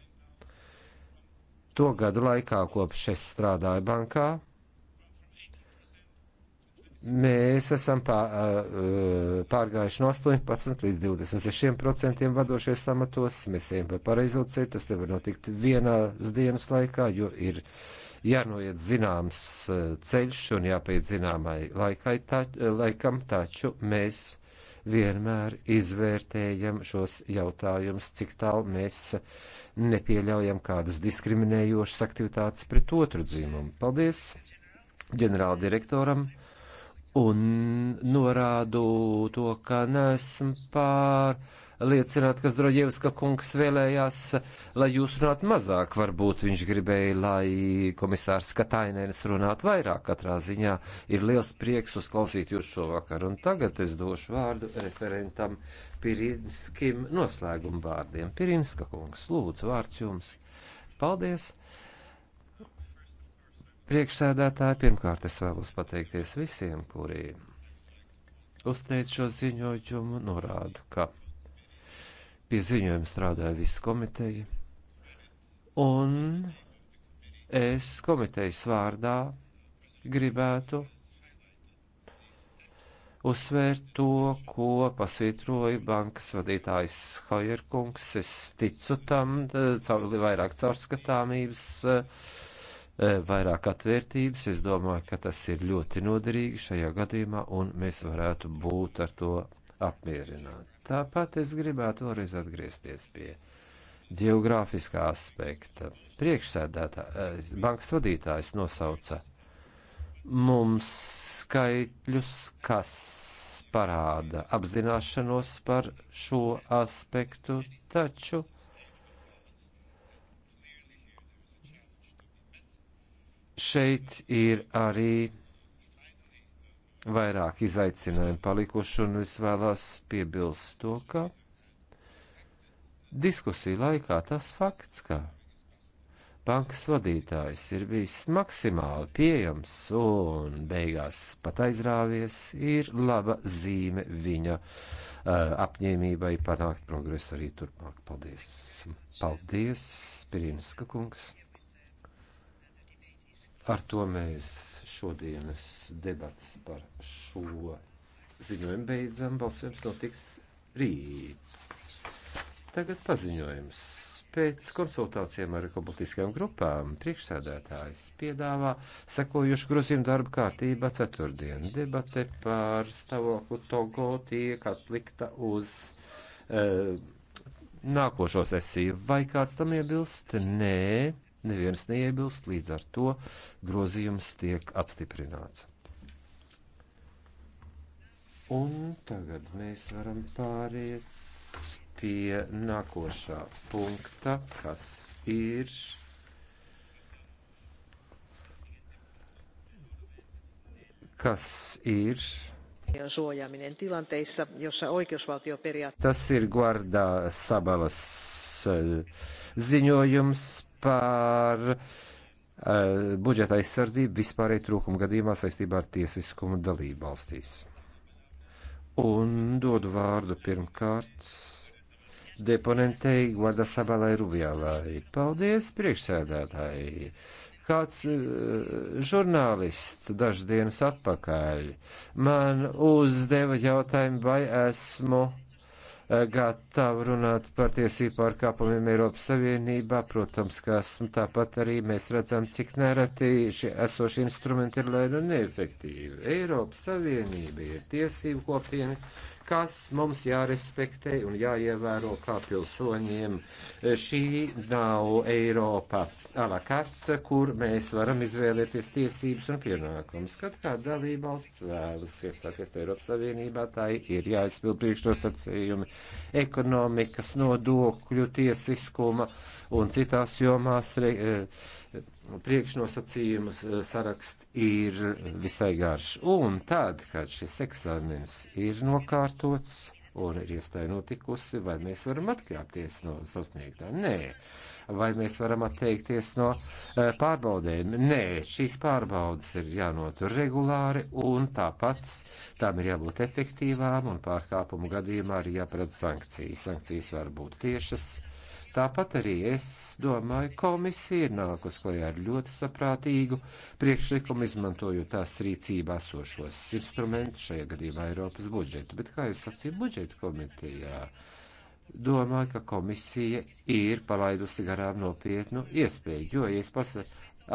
to gadu laikā, kopš es strādāju bankā, mēs esam pārgājuši no 18 līdz 26 procentiem vadošies amatos. Mēs ejam pa pareizo ceļu, tas nevar notikt vienās dienas laikā, jo ir jānoiet zināms ceļš un jāpiet zināmai laikai, tā, laikam, taču mēs vienmēr izvērtējam šos jautājumus, cik tālu mēs nepieļaujam kādas diskriminējošas aktivitātes pret otru dzimumu. Paldies ģenerāldirektoram un norādu to, ka neesmu pār liecināt, ka Zdroģievska kungs vēlējās, lai jūs runātu mazāk. Varbūt viņš gribēja, lai komisārs Katainēns runātu vairāk. Katrā ziņā ir liels prieks uzklausīt jūs šovakar. Un tagad es došu vārdu referentam Pirinskim noslēguma vārdiem. Pirinska kungs, lūdzu, vārds jums. Paldies! Priekšsēdētāji, pirmkārt es vēlos pateikties visiem, kuri uzteica šo ziņojumu, norādu, ka pie ziņojuma strādāja visi komiteji, un es komitejas vārdā gribētu uzsvērt to, ko pasvītroja bankas vadītājs Hojerkungs. Es ticu tam, eh, caur vairāk caurskatāmības, eh, vairāk atvērtības. Es domāju, ka tas ir ļoti noderīgi šajā gadījumā, un mēs varētu būt ar to apmierināti. Tāpat es gribētu vēlreiz atgriezties pie geogrāfiskā aspekta. Priekšsēdētājs, eh, bankas vadītājs nosauca mums skaitļus, kas parāda apzināšanos par šo aspektu, taču šeit ir arī vairāk izaicinājumu palikuši, un es vēlos piebilst to, ka diskusiju laikā tas fakts, ka bankas vadītājs ir bijis maksimāli pieejams un beigās pat aizrāvies, ir laba zīme viņa uh, apņēmībai panākt progresu arī turpmāk. Paldies! Paldies, Pirinska kungs! Ar to mēs šodienas debats par šo ziņojumu beidzam. Balsojums notiks rīt. Tagad paziņojums. Pēc konsultācijām ar komunistiskajām grupām priekšsēdētājs piedāvā sekojušu grozījumu darba kārtībā ceturtdien. Debate par stāvokli Togo tiek atlikta uz uh, nākošo sesiju. Vai kāds tam iebilst? Nē, neviens neiebilst, līdz ar to grozījums tiek apstiprināts. Un tagad mēs varam pāriet pie nākošā punkta, kas ir kas ir suojaaminen tilanteissa, jossa oikeusvaltioperiaate... Tas ir Guarda Sabalas eh, ziņojums par uh, budžeta aizsardzību vispārēju trūkumu gadījumā saistībā ar tiesiskumu dalību valstīs. Un dodu vārdu pirmkārt deponentei Guadasabalai Rubialai. Paldies, priekšsēdētāji! Kāds eh, žurnālists dažas dienas atpakaļ man uzdeva jautājumu, vai esmu eh, gatavi runāt par tiesību pārkāpumiem Eiropas Savienībā. Protams, ka esmu tāpat arī mēs redzam, cik nereti šie esošie instrumenti ir lēni un nu neefektīvi. Eiropas Savienība ir tiesību kopiena, kas mums jārespektē un jāievēro kā pilsoņiem. Šī nav Eiropa a la carte, kur mēs varam izvēlēties tiesības un pienākumus. Kad kāda dalībvalsts vēlas iestāties Eiropas Savienībā, tai ir jāizpild priekšnosacījumi ekonomikas, nodokļu, tiesiskuma un citās jomās. Re, eh, priekšnosacījumu eh, saraksts ir visai garš. Un tad, kad šis eksāmenis ir nokārtots un ir iestāja notikusi, vai mēs varam atkāpties no sasniegtā? Nē. Vai mēs varam atteikties no eh, pārbaudēm? Nē, šīs pārbaudas ir jānotur regulāri un tāpat tām ir jābūt efektīvām un pārkāpumu gadījumā arī jāparedz sankcijas. Sankcijas var būt tiešas, Tāpat arī es domāju, komisija ir nākus klajā ar ļoti saprātīgu priekšlikumu, izmantojot tās rīcībā esošos instrumentus, šajā gadījumā Eiropas budžetu. Bet, kā jūs sacījāt, budžeta komitejā domāju, ka komisija ir palaidusi garām nopietnu iespēju, jo, ja es pasa,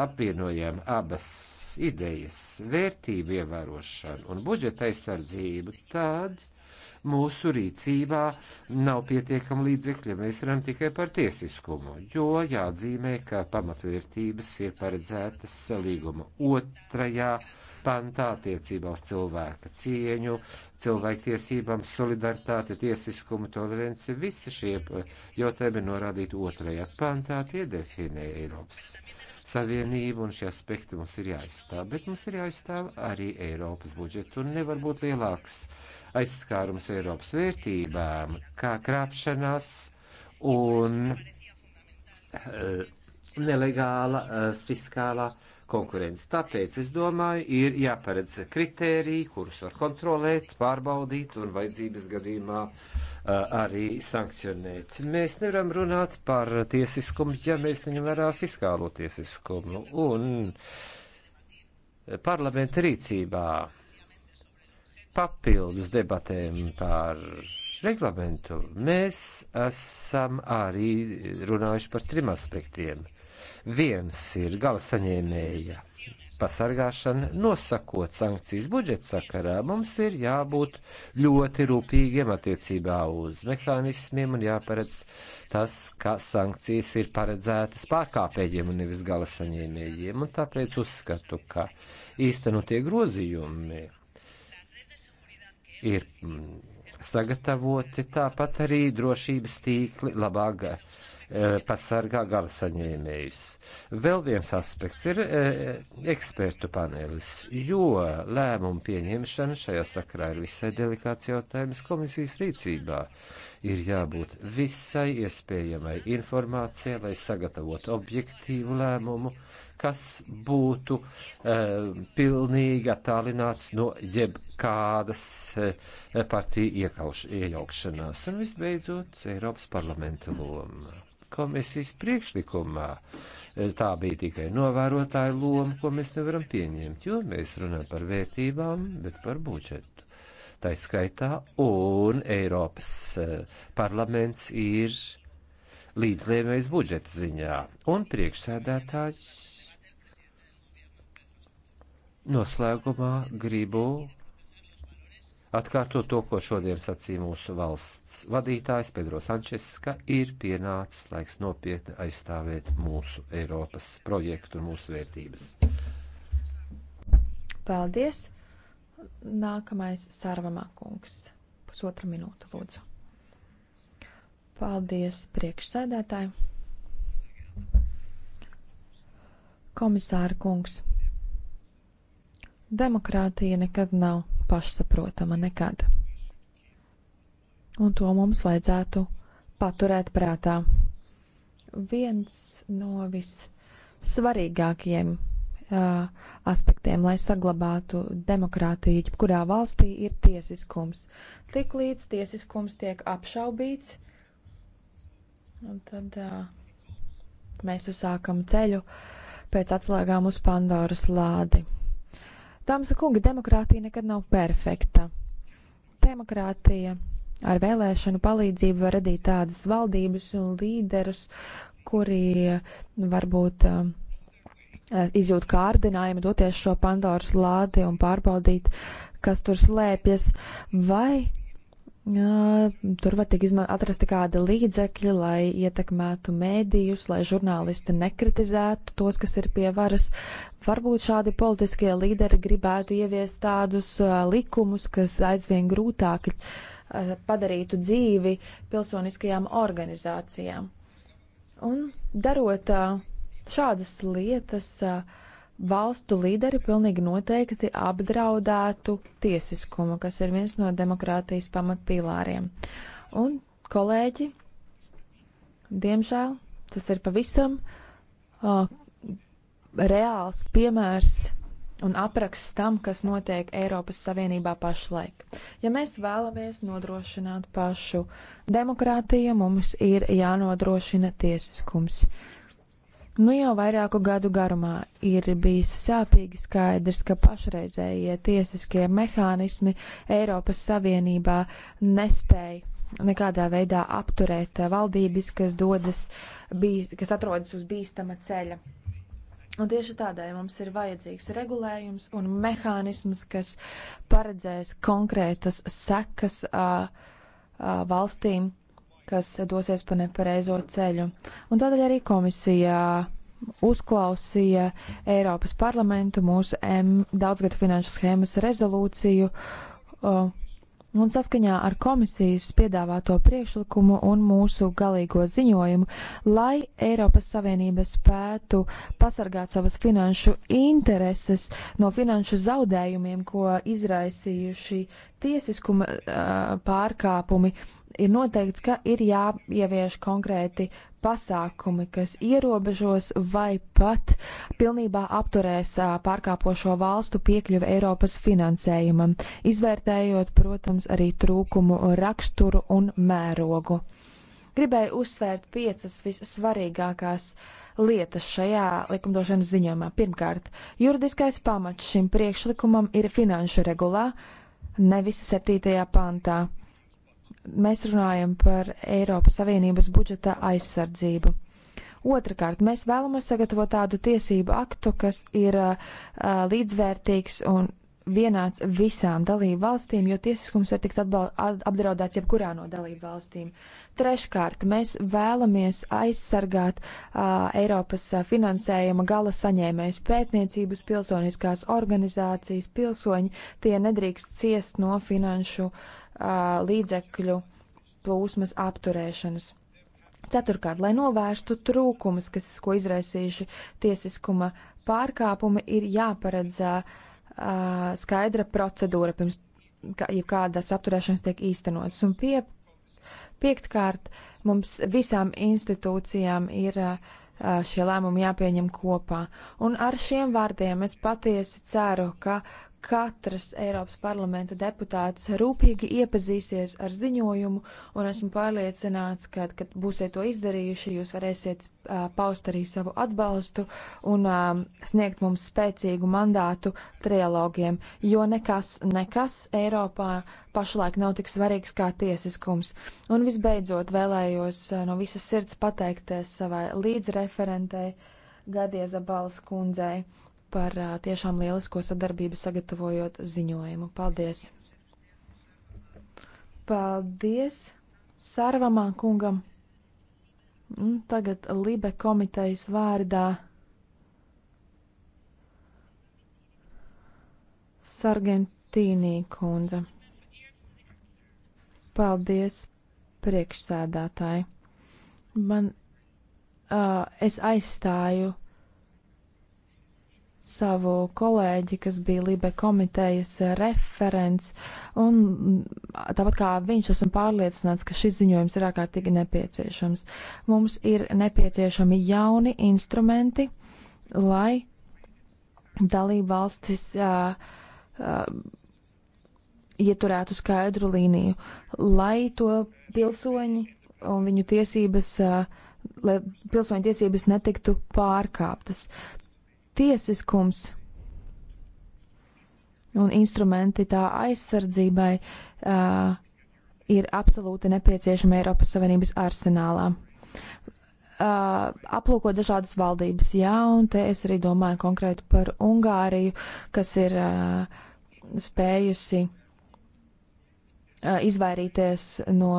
apvienojam abas idejas - vērtību ievērošanu un budžeta aizsardzību, tad mūsu rīcībā nav pietiekami līdzekļi, ja mēs varam tikai par tiesiskumu, jo jāatzīmē, ka pamatvērtības ir paredzētas līguma otrajā pantā attiecībā uz cilvēka cieņu, cilvēktiesībām, solidaritāti, tiesiskumu, toleranci. Visi šie jautājumi norādīti otrajā pantā, tie definē Eiropas Savienību, un šie aspekti mums ir jāizstāv. Bet mums ir jāizstāv arī Eiropas budžetu, un nevar būt lielāks aizskārums Eiropas vērtībām, kā krāpšanās un eh, nelegāla eh, fiskālā konkurence. Tāpēc, es domāju, ir jāparedz kritēriji, kurus var kontrolēt, pārbaudīt un vajadzības gadījumā eh, arī sankcionēt. Mēs nevaram runāt par tiesiskumu, ja mēs neņem vērā fiskālo tiesiskumu. Un parlamenta rīcībā papildus debatēm par reglamentu, mēs esam arī runājuši par trim aspektiem. Viens ir gala saņēmēja pasargāšana, nosakot sankcijas budžeta sakarā, mums ir jābūt ļoti rūpīgiem attiecībā uz mehānismiem un jāparedz tas, ka sankcijas ir paredzētas pārkāpējiem un nevis gala saņēmējiem. Un tāpēc uzskatu, ka īstenotie grozījumi ir mm, sagatavoti, tāpat arī drošības tīkli labāk eh, pasargā galasaņēmējus. Vēl viens aspekts ir eh, ekspertu panelis, jo lēmumu pieņemšana šajā sakarā ir visai delikāts jautājums komisijas rīcībā. Ir jābūt visai iespējamai informācijai, lai sagatavotu objektīvu lēmumu, kas būtu uh, pilnīgi attālināts no jebkādas uh, eh, partiju iekauš, iejaukšanās. Un visbeidzot, Eiropas parlamenta loma. Komisijas priekšlikumā eh, tā bija tikai novērotāja loma, ko mēs nevaram pieņemt, jo mēs runājam par vērtībām, bet par budžetu tā skaitā, un Eiropas parlaments ir līdzlēmējs budžeta ziņā, un priekšsēdētājs Noslēgumā gribu atkārtot to, ko šodien sacīja mūsu valsts vadītājs Pedro Sančes, ka ir pienācis laiks nopietni aizstāvēt mūsu Eiropas projektu un mūsu vērtības. Paldies! Nākamais Sārvamā kungs. Pusotra minūte, lūdzu. Paldies priekšsēdētāji. Komisāra kungs. Demokrātija nekad nav pašsaprotama, nekad. Un to mums vajadzētu paturēt prātā. Viens no vissvarīgākajiem uh, aspektiem, lai saglabātu demokrātiju, jebkurā valstī ir tiesiskums. Tik līdz tiesiskums tiek apšaubīts, un tad uh, mēs uzsākam ceļu pēc atslēgām uz Pandoras lādi. Dāmas un kungi, demokrātija nekad nav perfekta. Demokrātija ar vēlēšanu palīdzību var radīt tādas valdības un līderus, kuri varbūt uh, izjūt kārdinājumu doties šo Pandoras lādi un pārbaudīt, kas tur slēpjas, vai Tur var tikt atrast kādi līdzekļi, lai ietekmētu mēdījus, lai žurnālisti nekritizētu tos, kas ir pie varas. Varbūt šādi politiskie līderi gribētu ieviest tādus likumus, kas aizvien grūtāk padarītu dzīvi pilsoniskajām organizācijām. Un darot šādas lietas, uh, valstu līderi pilnīgi noteikti apdraudētu tiesiskumu, kas ir viens no demokrātijas pamatpīlāriem. Un, kolēģi, diemžēl tas ir pavisam uh, reāls piemērs un apraksts tam, kas notiek Eiropas Savienībā pašlaik. Ja mēs vēlamies nodrošināt pašu demokrātiju, mums ir jānodrošina tiesiskums. Uh, Nu jau vairāku gadu garumā ir bijis sāpīgi skaidrs, ka pašreizējie tiesiskie mehānismi Eiropas Savienībā nespēja nekādā veidā apturēt valdības, kas, dodas, bīz, kas atrodas uz bīstama ceļa. Un tieši tādēļ mums ir vajadzīgs regulējums un mehānisms, kas paredzēs konkrētas sekas uh, uh, valstīm, uh, kas dosies pa nepareizo ceļu. Un tādēļ arī komisijā uzklausīja Eiropas parlamentu mūsu M daudzgadu finanšu schēmas rezolūciju uh, un saskaņā ar komisijas piedāvāto priekšlikumu un mūsu galīgo ziņojumu, lai Eiropas Savienība spētu pasargāt savas finanšu intereses no finanšu zaudējumiem, ko izraisījuši tiesiskuma uh, pārkāpumi. Uh, ir noteikts, ka ir jāievieš konkrēti pasākumi, kas ierobežos vai pat pilnībā apturēs pārkāpošo valstu piekļuvi Eiropas finansējumam, izvērtējot, protams, arī trūkumu raksturu un mērogu. Gribēju uzsvērt piecas vissvarīgākās lietas šajā likumdošanas ziņojumā. Pirmkārt, juridiskais pamats šim priekšlikumam ir finanšu regulā, nevis septītajā pantā mēs runājam par Eiropas Savienības budžeta aizsardzību. Otrakārt, mēs vēlamies sagatavot tādu tiesību aktu, kas ir uh, uh līdzvērtīgs un vienāds visām dalību valstīm, jo tiesiskums var tikt apdraudēts jebkurā no dalību valstīm. Treškārt, mēs vēlamies aizsargāt uh, Eiropas finansējuma gala saņēmējus pētniecības, pilsoniskās organizācijas, pilsoņi, tie nedrīkst ciest no finanšu uh, līdzekļu plūsmas apturēšanas. Ceturkārt, lai novērstu trūkumus, kas, ko izraisījuši tiesiskuma pārkāpumi, ir jāparedz uh, skaidra procedūra pirms kā, kādas apturēšanas tiek īstenotas. Un pie, piektkārt, mums visām institūcijām ir uh, šie lēmumi jāpieņem kopā. Un ar šiem vārdiem es patiesi ceru, ka katrs Eiropas parlamenta deputāts rūpīgi iepazīsies ar ziņojumu, un esmu pārliecināts, ka, kad būsiet to izdarījuši, jūs varēsiet uh, paust arī savu atbalstu un uh, sniegt mums spēcīgu mandātu trialogiem, jo nekas, nekas Eiropā pašlaik nav tik svarīgs kā tiesiskums. Un visbeidzot vēlējos uh, no visas sirds pateikties savai līdzreferentei Gadieza Balas kundzei. Uh, par tiešām lielisko sadarbību sagatavojot ziņojumu. Paldies! Paldies Sarvamā kungam! Un tagad Libe komitejas vārdā Sargentīnī kundze. Paldies priekšsēdātāji! Man, uh, es aizstāju savu kolēģi, kas bija Libe komitejas referents, un tāpat kā viņš esmu pārliecināts, ka šis ziņojums ir ārkārtīgi nepieciešams. Mums ir nepieciešami jauni instrumenti, lai dalību valstis uh, uh, ieturētu skaidru līniju, lai to pilsoņi un viņu tiesības. Uh, Lai pilsoņu tiesības netiktu pārkāptas tiesiskums un instrumenti tā aizsardzībai uh, ir absolūti nepieciešami Eiropas Savienības arsenālā. Uh, aplūko dažādas valdības, jā, un te es arī domāju konkrēti par Ungāriju, kas ir uh, spējusi uh, izvairīties no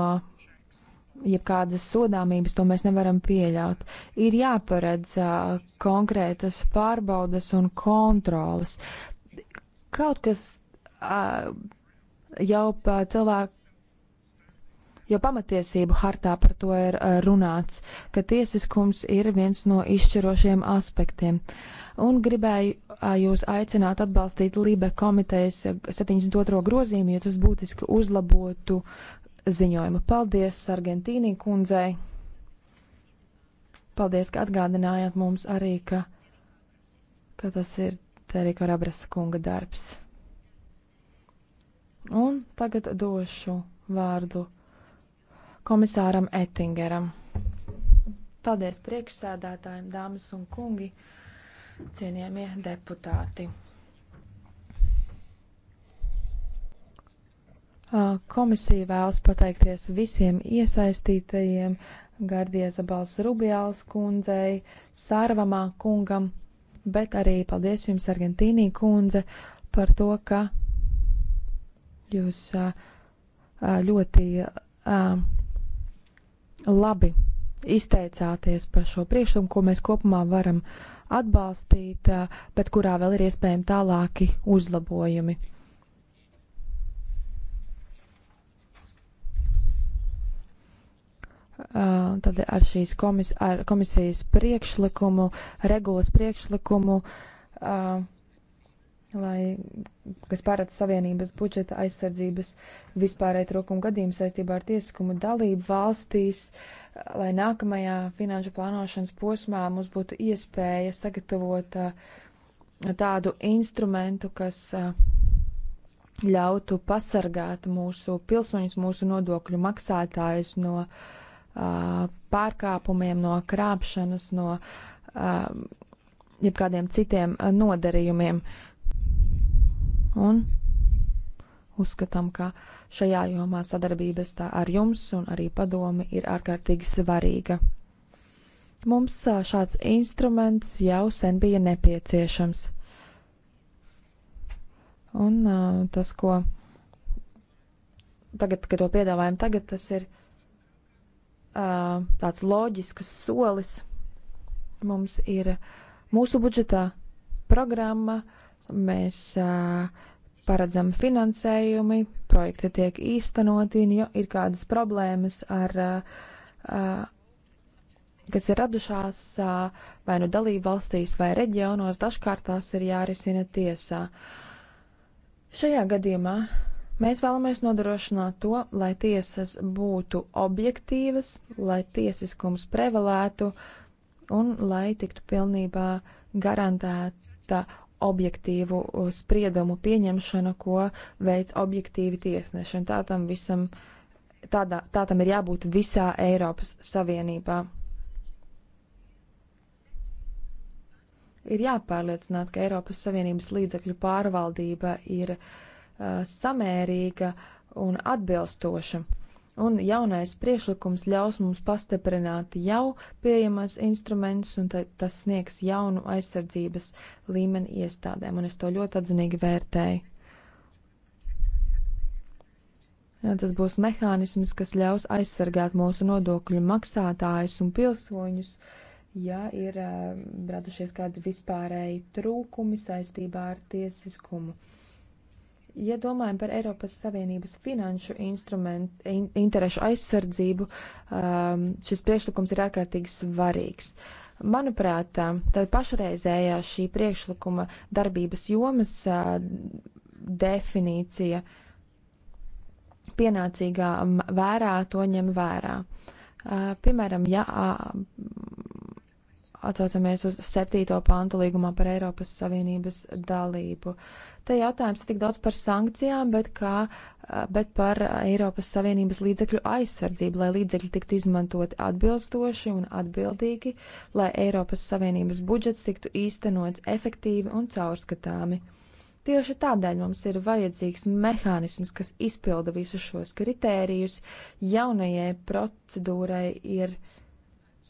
jebkādas sodāmības, to mēs nevaram pieļaut. Ir jāparedz uh, konkrētas pārbaudas un kontrolas. Kaut kas uh, jau pa cilvēku. Jo pamatiesību hartā par to ir uh, runāts, ka tiesiskums ir viens no izšķirošiem aspektiem. Un gribēju uh, jūs aicināt atbalstīt Lībe komitejas 72. grozījumu, jo tas būtiski uzlabotu ziņojuma. Paldies Argentīnī kundzei! Paldies, ka atgādinājāt mums arī, ka, ka tas ir Terika Rabrasa kunga darbs. Un tagad došu vārdu komisāram Ettingeram. Paldies priekšsēdētājiem, dāmas un kungi, cienījamie deputāti! Komisija vēlas pateikties visiem iesaistītajiem, Gardieza balss Rubijāls kundzei, Sārvamā kungam, bet arī paldies jums, Argentīnī kundze, par to, ka jūs ļoti labi izteicāties par šo priekšlikumu, ko mēs kopumā varam atbalstīt, bet kurā vēl ir iespējami tālāki uzlabojumi. tad ar šīs komis, ar komisijas priekšlikumu, regulas priekšlikumu, uh, lai, kas pārēc Savienības budžeta aizsardzības vispārēj trūkumu gadījumu saistībā ar tiesiskumu dalību valstīs, lai nākamajā finanšu plānošanas posmā mums būtu iespēja sagatavot uh, tādu instrumentu, kas uh, ļautu pasargāt mūsu pilsoņus, mūsu nodokļu maksātājus no uh, pārkāpumiem, no krāpšanas, no jebkādiem citiem nodarījumiem. Un uzskatām, ka šajā jomā sadarbības tā ar jums un arī padomi ir ārkārtīgi svarīga. Mums šāds instruments jau sen bija nepieciešams. Un tas, ko tagad, kad to piedāvājam, tagad tas ir uh, Uh, tāds loģisks solis. Mums ir mūsu budžetā programma, mēs uh, paredzam finansējumi, projekti tiek īstenoti, un ja ir kādas problēmas ar, uh, kas ir radušās vai nu dalību valstīs vai reģionos, dažkārt tās ir jārisina tiesā. Šajā gadījumā Mēs vēlamies nodrošināt to, lai tiesas būtu objektīvas, lai tiesiskums prevalētu un lai tiktu pilnībā garantēta objektīvu uh, spriedumu pieņemšana, ko veids objektīvi tiesneši. Un tā tam visam, tādā, tā tam ir jābūt visā Eiropas Savienībā. Ir jāpārliecinās, ka Eiropas Savienības līdzekļu pārvaldība ir uh, Uh, samērīga un atbilstoša. Un jaunais priekšlikums ļaus mums pastiprināt jau pieejamas instrumentus, un tas sniegs jaunu aizsardzības līmeni iestādēm, un es to ļoti atzinīgi vērtēju. Tas būs mehānisms, kas ļaus aizsargāt mūsu nodokļu maksātājus un pilsoņus, ja ir uh, radušies kādi vispārēji trūkumi saistībā ar tiesiskumu. Uh, Ja domājam par Eiropas Savienības finanšu instrumentu in, interešu aizsardzību, um, šis priekšlikums ir ārkārtīgi svarīgs. Manuprāt, um, tad pašreizējā šī priekšlikuma darbības jomas uh, definīcija pienācīgā vērā to ņem vērā. Uh, piemēram, ja uh, atcaucamies uz 7. pantu līgumā par Eiropas Savienības dalību. Te jautājums ir tik daudz par sankcijām, bet, kā, eh, bet par Eiropas Savienības līdzekļu aizsardzību, lai līdzekļi tiktu izmantoti atbilstoši un atbildīgi, lai Eiropas Savienības budžets tiktu īstenots efektīvi un caurskatāmi. Tieši tādēļ mums ir vajadzīgs mehānisms, kas izpilda visus šos kritērijus. Jaunajai procedūrai ir uh,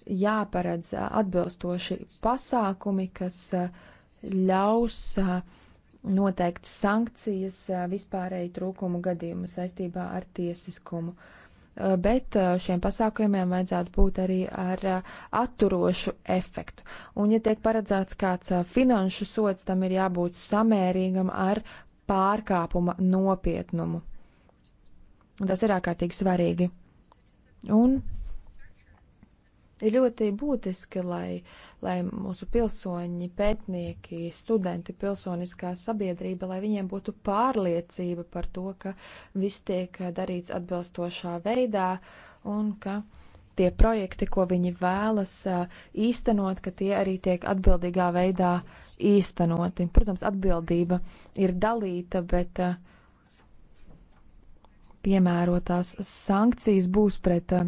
jāparedz atbilstoši pasākumi, kas ļaus noteikt sankcijas vispārēju trūkumu gadījumu saistībā ar tiesiskumu. Bet šiem pasākumiem vajadzētu būt arī ar atturošu efektu. Un, ja tiek paredzēts kāds finanšu sots, tam ir jābūt samērīgam ar pārkāpuma nopietnumu. Tas ir ārkārtīgi svarīgi. Un Ir ļoti būtiski, lai, lai mūsu pilsoņi, pētnieki, studenti, pilsoniskā sabiedrība, lai viņiem būtu pārliecība par to, ka viss tiek darīts atbilstošā veidā un ka tie projekti, ko viņi vēlas īstenot, ka tie arī tiek atbildīgā veidā īstenoti. Protams, atbildība ir dalīta, bet piemērotās sankcijas būs pret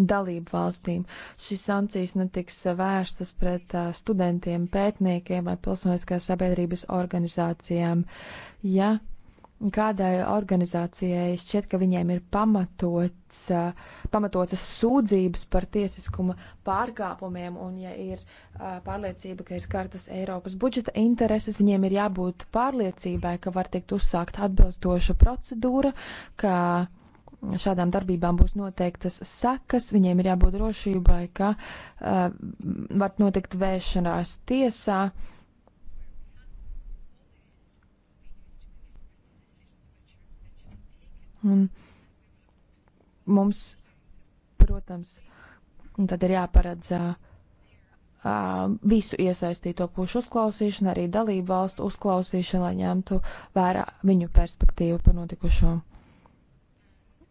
dalību valstīm. Šīs sankcijas netiks vērstas pret uh, studentiem, pētniekiem vai pilsoniskās sabiedrības organizācijām. Ja kādai organizācijai šķiet, ka viņiem ir pamatots, pamatotas sūdzības par tiesiskuma pārkāpumiem, un ja ir pārliecība, ka ir skartas Eiropas budžeta intereses, viņiem ir jābūt pārliecībai, ka var tikt uzsākt atbilstoša procedūra, ka uh, šādām darbībām būs noteiktas sekas, viņiem ir jābūt drošībai, ka uh, var notikt vēršanās tiesā. Un mums, protams, tad ir jāparedz uh, visu iesaistīto pušu uzklausīšana, arī dalību valstu uzklausīšana, lai ņemtu vērā viņu perspektīvu par notikušo.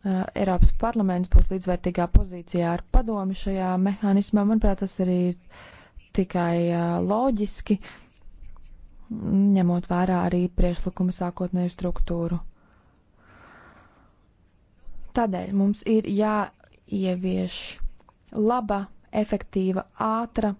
Eiropas parlaments būs līdzvērtīgā pozīcijā ar padomi šajā mehānismā. Manuprāt, tas arī ir tikai uh, loģiski, ņemot vērā arī priekšlikuma sākotnēju struktūru. Tādēļ mums ir jāievieš laba, efektīva, ātra,